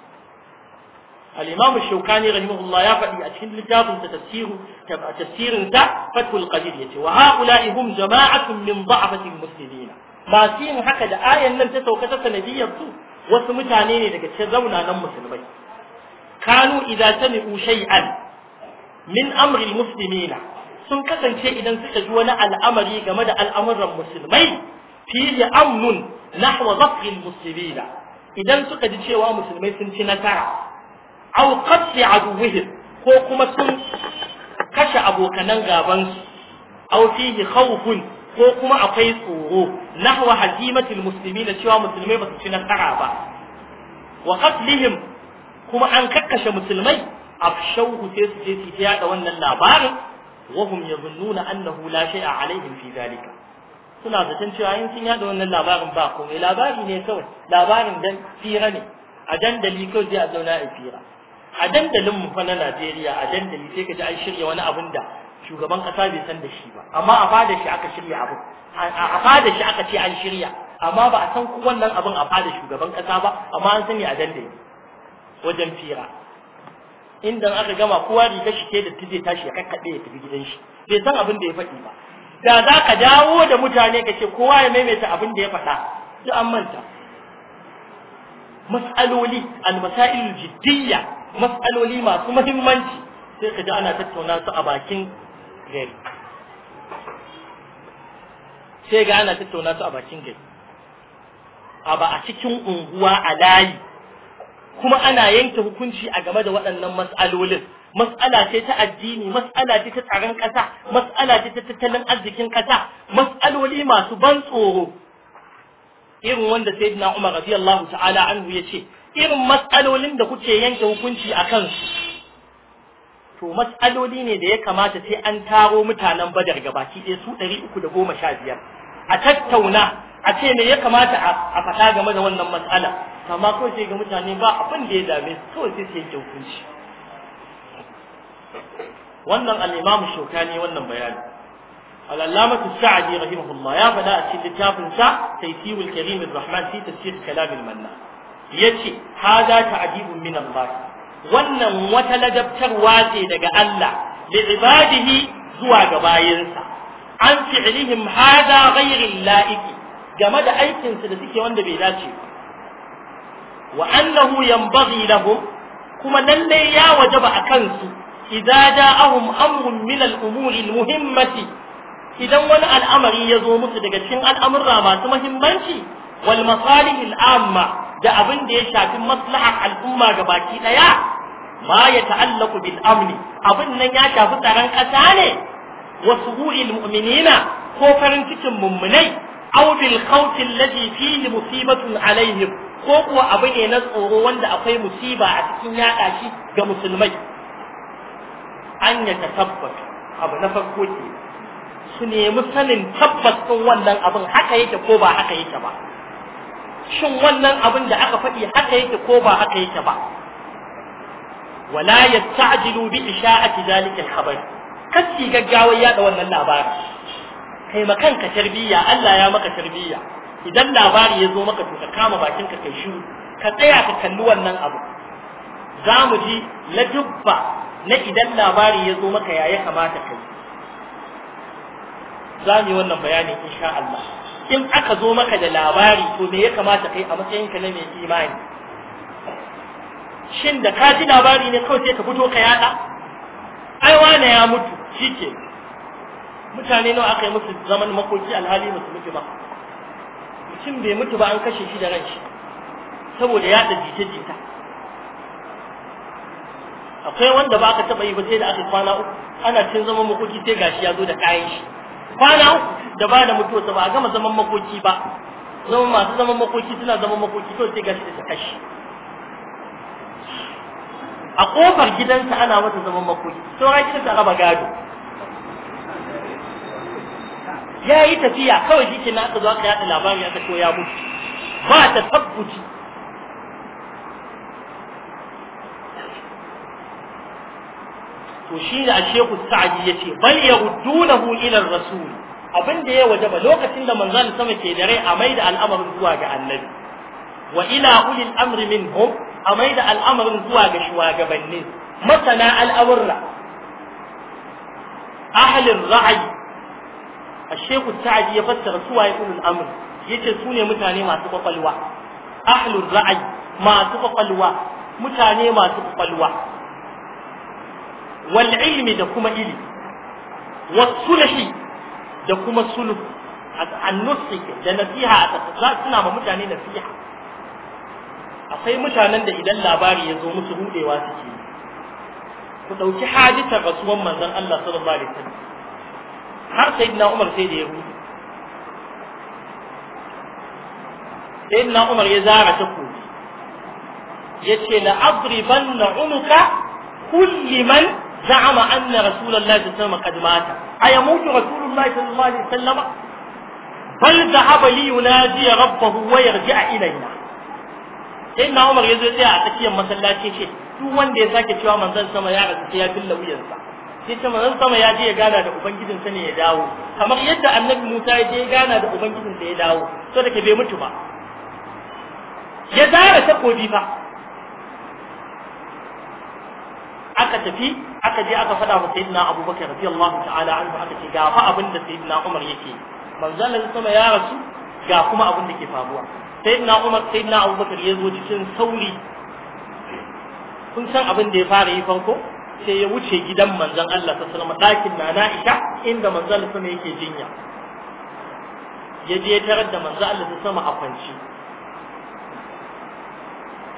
الإمام الشوكاني رحمه الله يفعل أتحد لجاب تفسير تفسير ذا فتح القدير وهؤلاء هم جماعة من ضعفة المسلمين ما سين هكذا آية لم تتوكت سندية وسمتانين لك تزونا نم مسلمين كانوا إذا سمعوا شيئا min amril muslimina sun kasance idan suka ji wani al'amari game da al'amuran musulmai fihi amnun nahwa zafril muslimina idan suka ji cewa musulmai sun ci nasara aw qatl aduwwihim ko kuma sun kashe abokanan gaban su aw fihi khawfun ko kuma akwai tsoro nahwa hazimatil muslimina cewa musulmai ba su ci nasara ba wa qatlihim kuma an kakkashe musulmai afshauhu sai su je su ta yada wannan labarin wahum hum yazunnuna annahu la shay'a alaihim fi zalika suna zaton cewa in sun yada wannan labarin ba komai labari ne kawai labarin dan fira ne a dandali kawai zai a zauna a fira a dandalin mu fa na Najeriya a dandali sai ka ji an shirya wani abun da shugaban kasa bai san da shi ba amma a fada shi aka shirya abun a fada shi aka ce an shirya amma ba a san wannan abun a fada shugaban kasa ba amma an sani a dandali wajen fira inda aka gama kowa riga shi ke da tije tashi ya kakkaɓe ya tafi gidan shi bai san abin da ya faɗi ba da za ka dawo da mutane ka ce kowa ya maimaita abin da ya faɗa duk an manta mas'aloli al-masail jiddiyya mas'aloli masu muhimmanci sai ka ji ana tattauna su a bakin gari sai ga ana tattauna su a bakin gari a ba a cikin unguwa a layi kuma ana yanke hukunci a game da waɗannan mas'alolin mas'ala ce ta addini mas'ala ce ta tsaron ƙasa mas'ala ce ta tattalin arzikin ƙasa mas'aloli masu ban tsoro irin wanda sayyidina Umar radiyallahu ta'ala anhu yace irin mas'alolin da kuke yanke hukunci a kansu to mas'aloli ne da ya kamata sai an taro mutanen Badar gabaki ɗaya su 315 a tattauna a ce me ya kamata a faɗa game da wannan matsala amma kawai sai ga mutane ba abin da ya dame su kawai sai su yanke hukunci wannan al-imamu shokani wannan bayani al-allamah as-sa'di rahimahullah ya faɗa a cikin littafin sa taysiwul karim ar-rahman fi tafsir kalam al-manna yace hada ta'dibun min Allah wannan wata ladabtarwa ce daga Allah li ibadihi zuwa ga bayinsa an fi'lihim hada ghayril la'iqi game da aikin su da suke wanda bai dace wa annahu yanbaghi lahum kuma nan dai ya wajaba akan su idza ja'ahum amrun min al-umuri al-muhimmati idan wani al'amari ya zo musu daga cikin al'amurra masu muhimmanci wal masalihil amma da abin da ya shafi maslahar al'umma ga baki daya ma ya ta'allaku bil amni abin nan ya shafi tsaron kasa ne wasu hu'il mu'minina ko farin cikin mummunai aw bil khawfi alladhi fihi musibatun ko kuwa abu ne na tsoro wanda akwai musiba a cikin yaɗa shi ga musulmai an ya tabbata abu na farko ke su nemi sanin tabbas ɗin wannan abin haka yake ko ba haka yake ba shin wannan abin da aka faɗi haka yake ko ba haka yake ba wala yasta'jilu bi isha'ati zalika al-khabar kacci gaggawa yaɗa wannan labari kai ka tarbiyya Allah ya maka tarbiyya idan labari ya zo maka to ka kama bakinka kai shiru ka tsaya ka kalli wannan abu za mu ji na dubba na idan labari ya zo maka yaya kamata kai za mu yi wannan bayani insha Allah in aka zo maka da labari to me ya kamata kai a matsayinka na mai imani shin da ka ji labari ne kawai sai ka fito ka yada ai wane ya mutu shike mutane nawa aka yi musu zaman makoki alhali musu muke ba mutum bai mutu ba an kashe shi da ranshi saboda ya jita jita akwai wanda ba aka taba yi ba sai da aka kwana uku ana cin zaman makoki sai gashi ya zo da kayan shi kwana uku da ba da mutuwarsa ba a gama zaman makoki ba zaman masu zaman makoki suna zaman makoki to sai gashi da kashi a kofar gidansa ana mata zaman makoki saura gidan ta raba gado ya yi tafiya kawai shi na aka zo aka yaɗa labari aka to ya mutu ba ta tabbuci to shi ne a shehu sa'adi ya ce bal ya na ila rasul abin da ya wajaba lokacin da manzon sama ke da rai a da al'amarin zuwa ga annabi wa ila ulil amri minhum a mai da al'amarin zuwa ga shugabanni masana al'amurra ahalin ra'ayi a sheku sa'adi ya fassara su waye ulul amr yace su ne mutane masu kwakwalwa Ahalin ra'ayi masu kwakwalwa mutane masu kwakwalwa wal ilmi da kuma ilimi was sulhi da kuma sulhu an nusi da nasiha a suna ma mutane nasiha akwai mutanen da idan labari ya zo musu hudewa suke ku dauki hadisar rasuwan manzon Allah sallallahu alaihi wasallam har sai sayyidina Umar sai da ya rudu sayyidina Umar ya zara ta ku yace la adribanna umuka kulli man za'ama anna rasulullahi sallallahu alaihi wasallam qad mata ayamutu rasulullahi sallallahu alaihi wasallam bal dhahaba li yunadi rabbahu wa yarji'a ilayna sai na Umar yazo tsaya a tsakiyar masallaci ce duk wanda ya sake cewa manzon sama ya rasu sai ya filla wuyansa sai ce manzon sama ya je ya gana da ubangijin sa ne ya dawo kamar yadda annabi Musa ya je ya gana da ubangijin sa ya dawo so da ke bai mutu ba ya zara takobi fa aka tafi aka je aka faɗa wa sayyidina Abubakar radiyallahu ta'ala anhu aka ce ga fa abin da sayyidina Umar yake manzon sama ya rasu ga kuma abin da ke faruwa sayyidina Umar sayyidina Abubakar ya zo cikin sauri kun san abin da ya fara yi farko sai ya wuce gidan manzon Allah sallallahu alaihi wasallam dakin nana Aisha inda manzon Allah yake jinya ya je tarar da manzon Allah sama a kwanci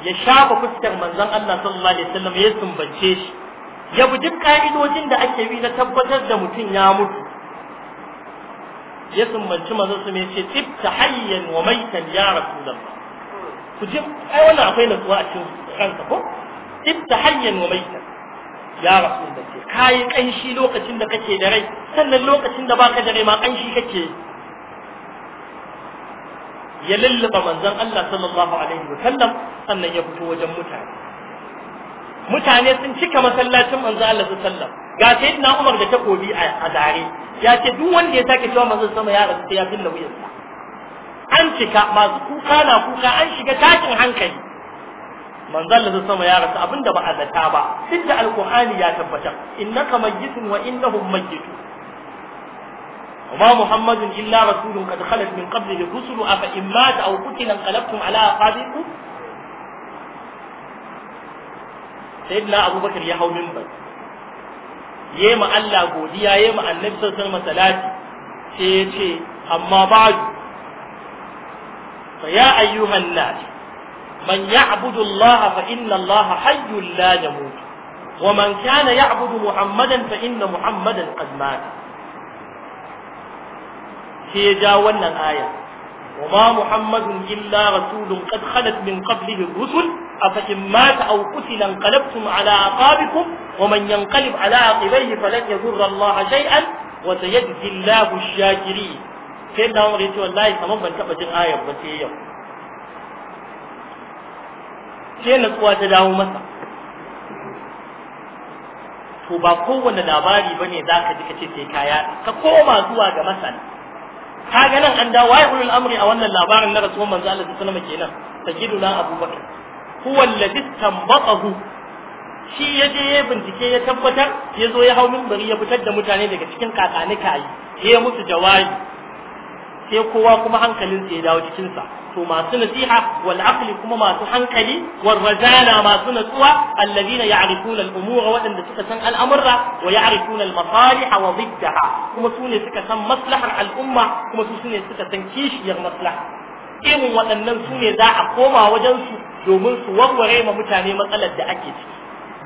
ya shafa fuskar manzon Allah sallallahu alaihi wasallam ya sumbace shi ya bi duk ka'idojin da ake bi na tabbatar da mutum ya mutu ya sumbanci manzon su mai ce ibta hayyan wa maitan ya rasu rasulullah ku ji ai wannan akwai natsuwa a cikin ranka ko ibta hayyan wa maitan ya rasu rasulullah ce kai kanshi lokacin da kake da rai sannan lokacin da baka da rai ma kanshi kake ya lallaba manzon Allah sallallahu alaihi wa sallam sannan ya fito wajen mutane mutane sun cika masallacin manzon Allah sallallahu alaihi wa sallam ga sayyidina Umar da takobi a zare ya ce duk wanda ya sake cewa manzon sama ya rasu sai ya filla wuyarsa an cika masu kuka na kuka an shiga tashin hankali manzon da sama ya rasu abinda ba a zata ba duk da alqur'ani ya tabbatar innaka mayyitun wa innahum mayyitun وما محمد إلا رسول قد خلت من قبله الرسل أفإن مات أو قتل انقلبتم على أعقابكم سيدنا أبو بكر يهو منبر yayi ma Allah godiya yayi ma Annabi sallallahu alaihi salati sai ce amma ba fa ya ayyuhan nas man ya'budu Allah fa inna Allah hayyul la yamut wa man kana ya'budu Muhammadan fa inna Muhammadan qad mat sai ja wannan aya وما محمد إلا رسول قد خلت من قبله الرسل أفإن مات أو قتل انقلبتم على أعقابكم ومن ينقلب على عقبيه فلن يضر الله شيئا وسيجزي الله الشاكرين sai da wani ce wallahi ban taba jin ayar ba sai yau sai natsuwa ta dawo masa to ba kowane labari bane zaka ji kace sai kaya ka koma zuwa ga masana kaga nan an dawo waye ulul amri a wannan labarin na rasulun manzo Allah sallallahu alaihi kenan sayyiduna abubakar huwa alladhi tanbatahu shi ya je ya bincike ya tabbatar ya zo ya hau minbari ya fitar da mutane daga cikin kakani yi, ya musu jawabi sai kowa kuma hankalinsa ya dawo cikinsa to masu nasiha wal aqli kuma masu hankali wal razana masu natsuwa alladhina ya'rifuna al umura waɗanda suka san al'amurra wa ya'rifuna al masalih wa diddaha kuma sune suka san maslahar al'umma kuma su sune suka san kishiyar maslaha irin waɗannan sune za a koma wajen su domin su warware ma mutane matsalar da ake ciki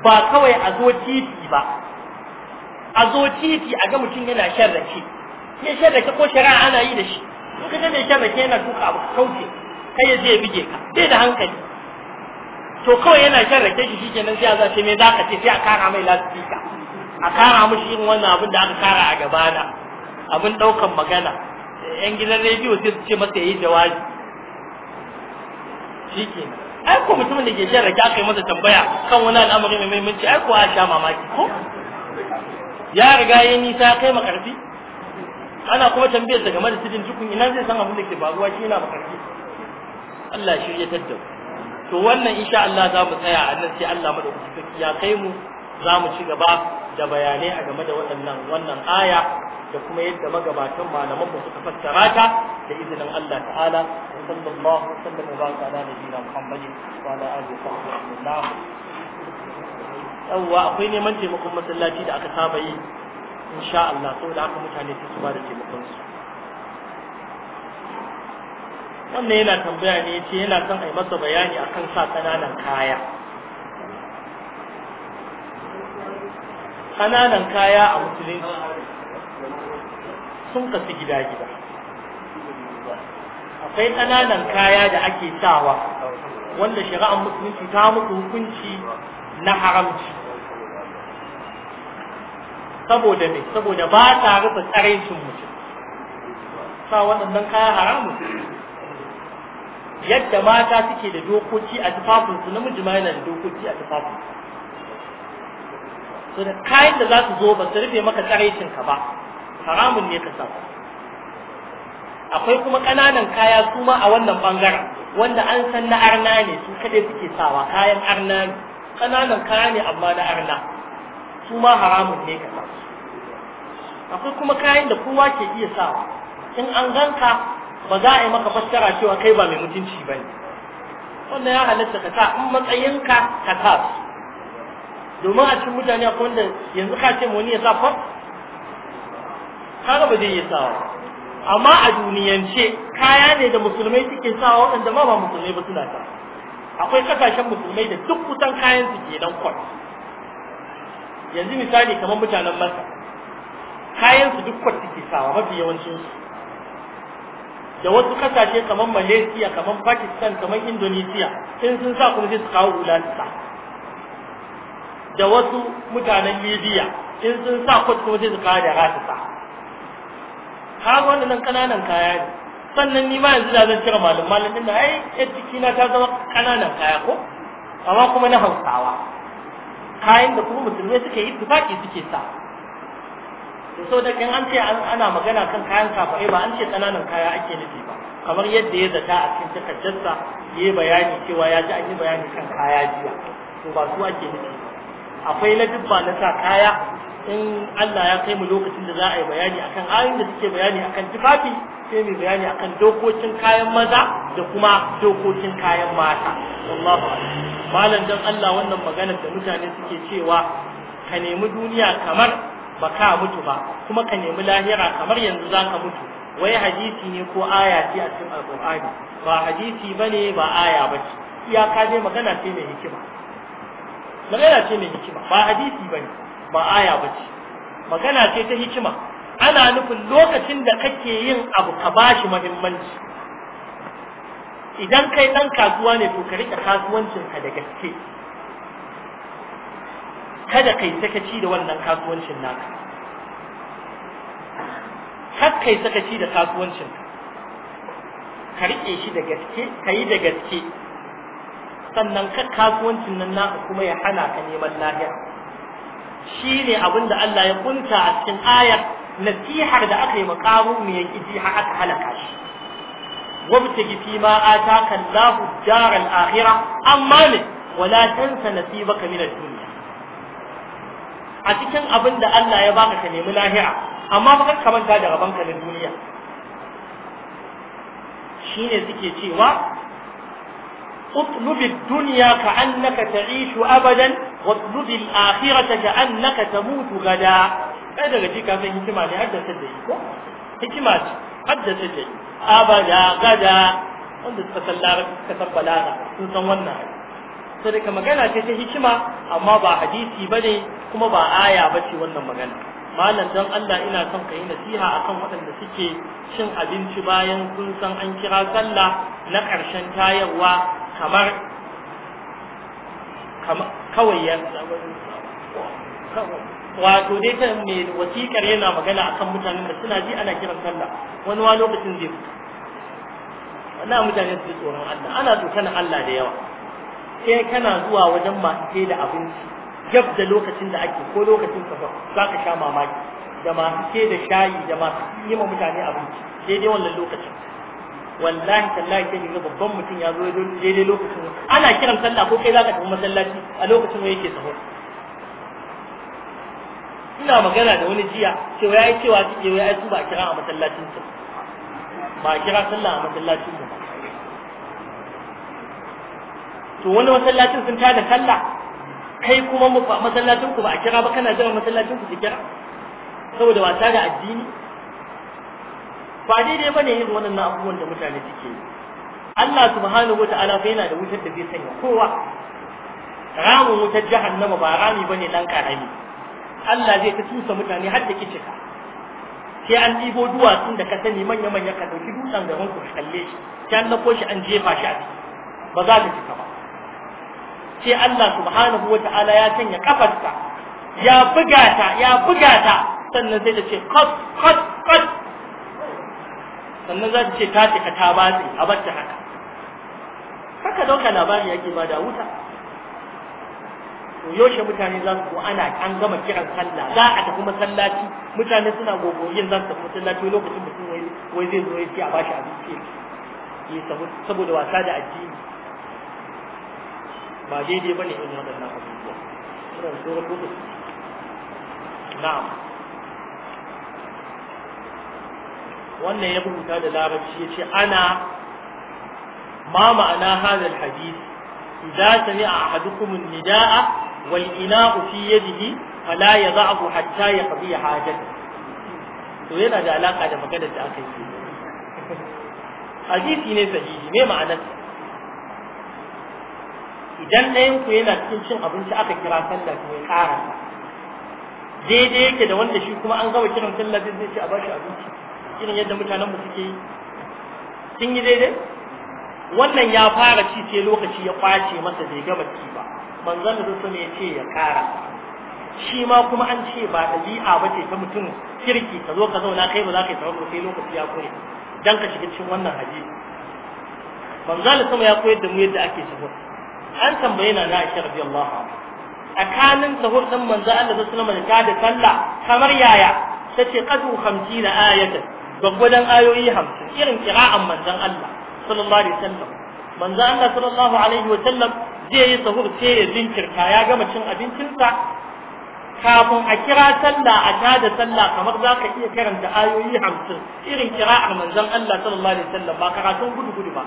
ba kawai a zo titi ba a zo titi a ga mutum yana shan rake ya shan ko shari'a ana yi da shi in ka mai shan rake yana tuka abu kauce kai ya je ya bige ka bai da hankali to kawai yana shan rake shi kenan sai a zace me za ka ce sai a kara mai lasifika a kara mishi irin wannan abin da aka kara a gabana abin daukan magana yan gidan rediyo sai su ce masa yayi jawabi shikenan ai ko mutumin da ke shan rake aka yi masa tambaya kan wani al'amari mai muhimmanci ai ko a sha mamaki ko ya riga ya nisa kai makarfi ana kuma tambayar daga game da ina zai san abin da ke faruwa shi yana makarfi Allah shi ya tadda to wannan insha Allah za mu tsaya a nan sai Allah mu da sarki ya kai mu za mu ci gaba da bayanai a game da waɗannan wannan aya da kuma yadda magabatan malaman ku suka fassara ta da izinin Allah ta'ala sallallahu alaihi wa sallam wa baraka ala nabiyina Muhammadin wa ala alihi wa sahbihi yawwa akwai neman taimakon masallaci da aka saba yi In sha Allah da haka mutane su ba da taimakon su wannan yana tambaya ne yace yana son a yi masa bayani akan sa kananan kaya kananan kaya a musulunci sun kasu gida-gida akwai kananan kaya da ake sawa wanda shari'ar musulunci ta muku hukunci na haramci saboda ne saboda ba ta rufe tsaraicin mutum sa waɗannan kaya haramu yadda mata suke da dokoki a tufafinsu namiji ma yana da dokoki a tufafinsu su da kayan da za su zo ba su rufe maka ka ba haramun ne ka sa akwai kuma ƙananan kaya su ma a wannan ɓangaren wanda an san na arna ne su kaɗai suke sawa kayan arna ne ƙananan kaya ne amma na arna su ma haramun ne ka sa akwai kuma kayan da kowa ke iya sawa in an ganka ba za a yi maka fassara cewa kai ba mai mutunci ba ne wannan ya halatta ka sa in matsayinka ka sa su domin a cikin mutane akwai wanda yanzu ka ce wani ya sa fa kaga ba zai iya sawa amma a duniyance kaya ne da musulmai suke sawa waɗanda ma ba musulmai ba suna sa akwai kasashen musulmai da duk kusan kayan su ke nan kwat yanzu misali kamar mutanen masa kayan su duk kwat ke sawa mafi yawancin su da wasu kasashe kamar Malaysia kamar Pakistan kamar Indonesia in sun sa kuma sai su kawo hula su sa da wasu mutanen Libya in sun sa kwat kuma sai su kawo da rata sa wanda wannan kananan kaya ne sannan ni ma yanzu da zan cire malum malum din da ai yar na ta zama kananan kaya ko amma kuma na Hausawa kayan da kuma musulmai suke yi tufaki suke sa to so da in an ce ana magana kan kayan kafaɗe ba an ce ƙananan kaya ake nufi ba kamar yadda ya zata a cikin takaddarsa yayi bayani cewa ya ji an yi bayani kan kaya jiya to ba su ake nufi akwai na dubba na sa kaya in Allah ya kai mu lokacin da za a yi bayani akan ayoyin da suke bayani akan tufafi sai mu bayani akan dokokin kayan maza da kuma dokokin kayan mata wallahi malam dan Allah wannan maganar da mutane suke cewa ka nemi duniya kamar ba ka mutu ba kuma ka nemi lahira kamar yanzu za ka mutu wai hadisi ne ko aya ce a cikin alƙur'ani ba hadisi ba ne ba aya ba ce iyaka dai magana ce mai hikima magana ce mai hikima ba hadisi ba ne ba aya ba ce magana ce ta hikima ana nufin lokacin da kake yin abu ka ba shi muhimmanci idan kai ɗan kasuwa ne to ka riƙe kasuwancinka da gaske kada kai sakaci da wannan kasuwancin naka kada kai sakaci da kasuwancin ka rike shi da gaske ka yi da gaske sannan ka kasuwancin nan naka kuma ya hana ka neman lahiya. shi ne abin da Allah ya kunta a cikin ayar nasihar da aka yi makaru mai yanki jiha aka halaka shi wabtagi fi ma ataka Allahu daral akhirah amma ne wala tansa nasibaka min ad-dunya a cikin abin da Allah ya baka ka nemi lahira amma ba ka manta da rabanka na duniya shine suke cewa اطلب الدنيا كأنك تعيش أبدا واطلب الآخرة كأنك تموت غدا هذا غدي كان في حكمة هذا سدي حكمة هذا سدي أبدا غدا wanda suka san suka san sun san wannan ka magana ce ta hikima amma ba hadisi bane kuma ba aya bace wannan magana malam dan Allah ina son ka yi nasiha akan waɗanda suke cin abinci bayan sun san an kira sallah na ƙarshen tayarwa kamar kawai ya wato dai ta mai wasiƙar yana magana akan mutanen da suna ji ana kiran sallah wani wa lokacin zai fita wannan mutane su tsoron Allah ana tsokanin Allah da yawa sai kana zuwa wajen masu sai da abinci gab da lokacin da ake ko lokacin safar za ka sha mamaki da masu sai da shayi da masu yi ma mutane abinci daidai wannan lokacin wallahi tallahi sai ga babban mutum ya zo daidai lokacin ana kiran sallah ko kai za ka tafi masallaci a lokacin da yake sahur ina magana da wani jiya cewa ya yi cewa suke wai ai su ba a kira a masallacin su ba a kira sallah a masallacin mu ba to wani masallacin sun tada sallah kai kuma masallacin ku ba a kira ba kana jiran masallacin ku su kira saboda wasa da addini ba daidai bane yin wannan abubuwan da mutane suke yi Allah subhanahu wata'ala fa yana da wutar da zai sanya kowa ramin wutar jahannama ba rami bane dan karami Allah zai ta tusa mutane har da kicika sai an ɗibo duwatsun da ka sani manya-manya ka ɗauki dutsen garin ku kalle shi sai an nako shi an jefa shi a ciki ba za ka cika ba sai Allah subhanahu wa ta'ala ya sanya kafarsa ya buga ta ya buga ta sannan sai ta ce kot kot kot sannan za ta ce ta tika ta batse a bar ta haka haka dauka labari yake ba da wuta to yaushe mutane za su ana an gama kiran sallah za a tafi masallaci mutane suna gogoyin za su tafi masallaci lokacin mutum wai zai zo ya ci a bashi abinci saboda wasa da addini ba daidai irin waɗannan abubuwa irin na'am wannan ya rubuta da larabci ya ce ana ma ma'ana hadal hadith idza sami'a ahadukum nidaa wal ina'u fi yadihi fala yadh'ahu hatta yaqdi hajatahu to yana da alaka da maganar da aka yi hadisi ne sahihi me ma'anar idan ɗayan ku yana cikin cin abinci aka kira sallah to ya ƙara daidai yake da wanda shi kuma an gama kiran sallah zai ce a bashi abinci irin yadda mutanen mu suke yi sun yi daidai wannan ya fara ci sai lokaci ya kwace masa bai gama ci ba manzon da sun ya ce ya ƙara shi ma kuma an ce ba ɗabi'a ba ce ta mutum kirki ka zo ka zauna kai ba za ka yi ko sai lokaci ya kure dan ka shiga cikin wannan hadisi manzon da sama ya koyar da mu yadda ake shigo an tambaye na na Aisha radiyallahu anha kanin sahur din manzo Allah sallallahu alaihi wasallam da sallah kamar yaya tace qadu 50 ayatan gwagwadan ayoyi 50 irin qira'an manzon Allah sallallahu alaihi wasallam manzo Allah sallallahu alaihi wasallam zai yi sahur sai ya jinkirta ya gama cin abincinsa kafin a kira sallah a tada sallah kamar za ka iya karanta ayoyi hamsin irin kira qira'ar manzon Allah sallallahu alaihi wasallam ba karatun gudu gudu ba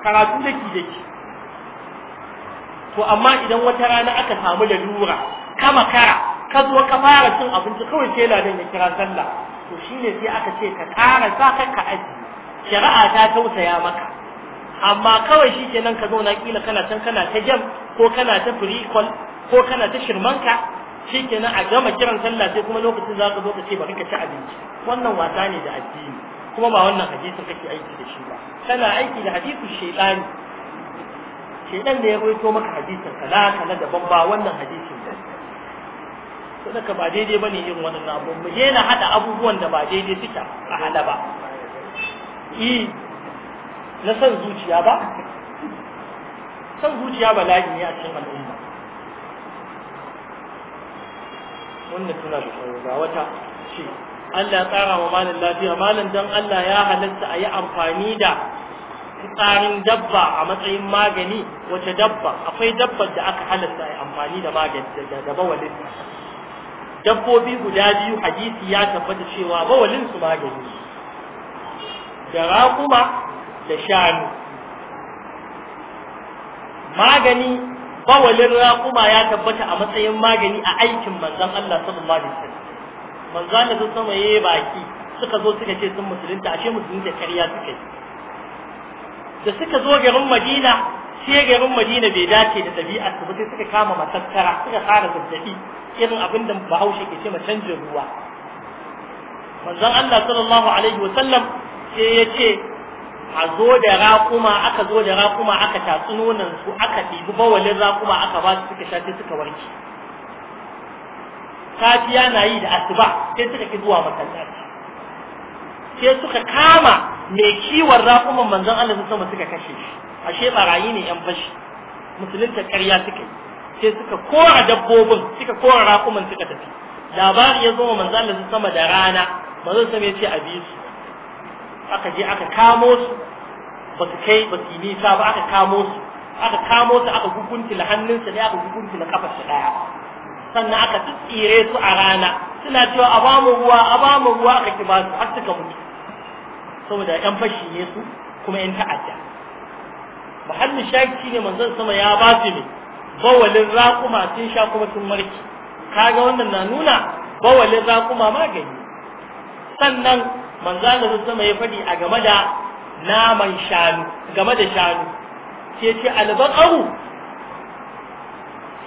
karatu daki daki to amma idan wata rana aka samu lalura kama makara ka zo ka fara cin abinci kawai sai ladan ya kira sallah to shine sai aka ce ka ƙara sa kan ka aji shari'a ta tausaya maka amma kawai shi nan ka zauna kila kana can kana ta jam ko kana ta firikol ko kana ta shirmanka shi kenan a gama kiran sallah sai kuma lokacin za ka zo ka ce bari ka ci abinci wannan wasa ne da addini kuma ba wannan hadisin kake aiki da shi ba kana aiki da hadisin shaitani dan da ya rawaito maka hadisin kala kala daban ba wannan hadisin ba to ka ba daidai bane yin wannan abu mu yana hada abubuwan da ba daidai suke a hada ba i e, na san zuciya ba san zuciya bala'i ne a cikin al'umma wannan tuna da ga wata ce Allah ya tsara wa malam lafiya malam dan Allah ya halatta a yi amfani da fitsarin dabba a matsayin magani wace dabba akwai dabbar da aka halatta a amfani da magani da bawalin dabbobi guda biyu hadisi ya tabbata cewa bawalin su magani da raƙuma da shanu magani bawalin raƙuma ya tabbata a matsayin magani a aikin manzon Allah sallallahu alaihi wasallam manzon Allah sama yi baki suka zo suka ce sun musulunta ashe musulunta karya suka yi da suka zo garin madina sai garin madina bai dace da ɗabi'ar su sai suka kama matattara suka fara zazzabi irin abin da bahaushe ke cewa canjin ruwa manzon Allah sallallahu alaihi wa sallam sai ya ce a zo da raƙuma aka zo da raƙuma aka tatsu nonon su aka ɗibi bawalin raƙuma aka ba su suka shafe suka warke safiya na yi da asuba sai suka ki zuwa masallaci sai suka kama mai kiwon raƙuman manzan Allah su sama suka kashe shi ashe barayi ne yan fashi musulunta ƙarya suka yi sai suka kora dabbobin suka kora raƙuman suka tafi labari ya zo manzan Allah su sama da rana manzan sama ya ce a bi su aka je aka kamo su ba su kai ba su nisa ba aka kamo su aka kamo su aka guguntula hannunsa ne aka guguntula kafarsa daya sannan aka tsire su a rana suna cewa a bamu ruwa a bamu ruwa aka kiba su har suka mutu saboda ɗan fashi ne su kuma yan ta'adda muhallin shaki ne manzon sama ya ba su ne bawalin raƙuma sun sha kuma sun Ka kaga wannan na nuna bawalin raƙuma magani sannan manzon sama ya faɗi a game da naman shanu game da shanu ke ce albaƙaru,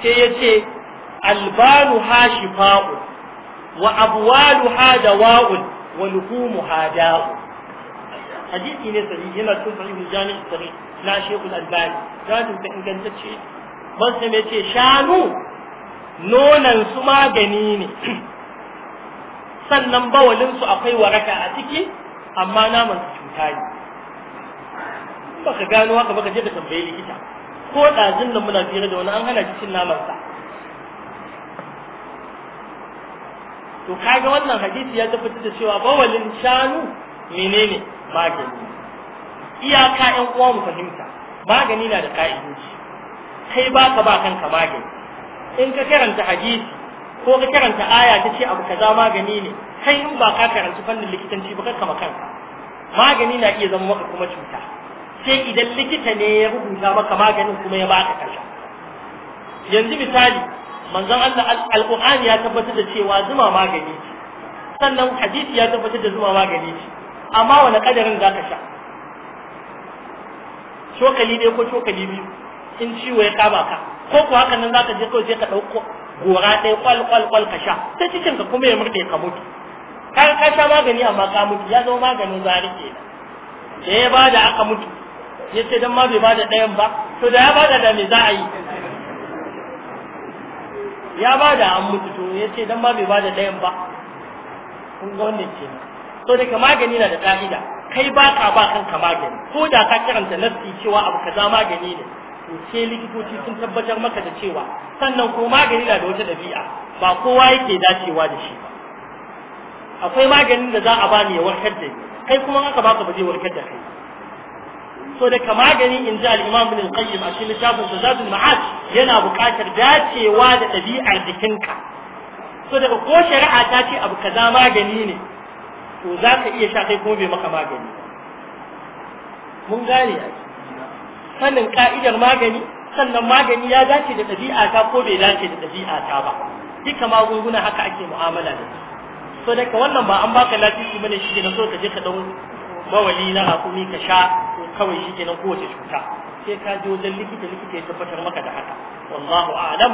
ke ya ce albanu ha shifa'u wa abwalu ha dawa'un wa mu ha da'u hadisi ne sahihi yana cikin sahihul jami' sahih na shekul albani zai ta ingantacce ban sai me ce shanu nonan su magani ne sannan bawalin su akwai waraka a ciki amma naman su cuta ne baka gano haka baka je ka tambayi likita ko ɗazin nan muna fira da wani an hana cin naman sa to kaga wannan hadisi ya tabbatar da cewa bawalin shanu menene magani iyaka ɗan uwa mu fahimta magani na da ka'idoji kai baka ba kanka magani in ka karanta hadisi ko ka karanta aya ta ce abu kaza magani ne kai in ba ka karanta fannin likitanci ba kanka kanka magani na iya zama maka kuma cuta sai idan likita ne ya rubuta maka maganin kuma ya baka kaza yanzu misali manzon Allah al-Qur'ani ya tabbatar da cewa zuma magani sannan hadisi ya tabbatar da zuma magani ce amma wani kadarin za ka sha cokali ɗaya ko cokali biyu in ciwo ya kama ka ko kuwa hakan nan za ka je kawai sai ka ɗauko gora ɗaya kwal kwal kwal ka sha sai cikin ka kuma ya murɗe ka mutu ka ka sha magani amma ka mutu ya zama maganin zari ke da ya bada aka mutu ya ce don ma bai da ɗayan ba to da ya bada da me za a yi ya bada an mutu to ya ce don ma bai da ɗayan ba kun ga wannan kenan da ka magani na da ka'ida kai ba ka ba kanka magani ko da ka karanta nassi cewa abu kaza magani ne to ce likitoci sun tabbatar maka da cewa sannan ko magani na da wata dabi'a ba kowa yake dacewa da shi ba akwai maganin da za a bani ya warkar da ni kai kuma aka baka ba zai warkar da kai so ka magani in ji al'imam bin qayyim a cikin littafin sa zadul ma'ad yana buƙatar dacewa da ɗabi'ar jikinka so daga ko shari'a ta ce abu kaza magani ne to za ka iya sha kai kuma bai maka magani mun gane sanin ka'idar magani sannan magani ya dace da ɗabi'a ta ko bai dace da ɗabi'a ta ba duka magunguna haka ake mu'amala da su so daga wannan ba an baka lafiya bane shi na so ka je ka ɗan mawali na hakumi ka sha ko kawai shi kenan kowace cuta sai ka je wajen likita likita ya tabbatar maka da haka wallahu a'lam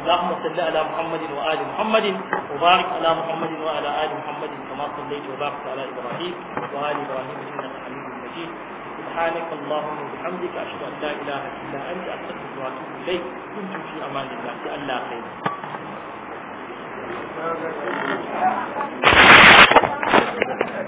اللهم صل على محمد وآل محمد وبارك على محمد وعلى آل محمد كما صليت وباركت على إبراهيم وآل إبراهيم إنك حميد مجيد سبحانك اللهم وبحمدك أشهد أن لا إله إلا أنت أستغفرك وأتوب إليك كنتم في أمان الله في الله خير Thank you.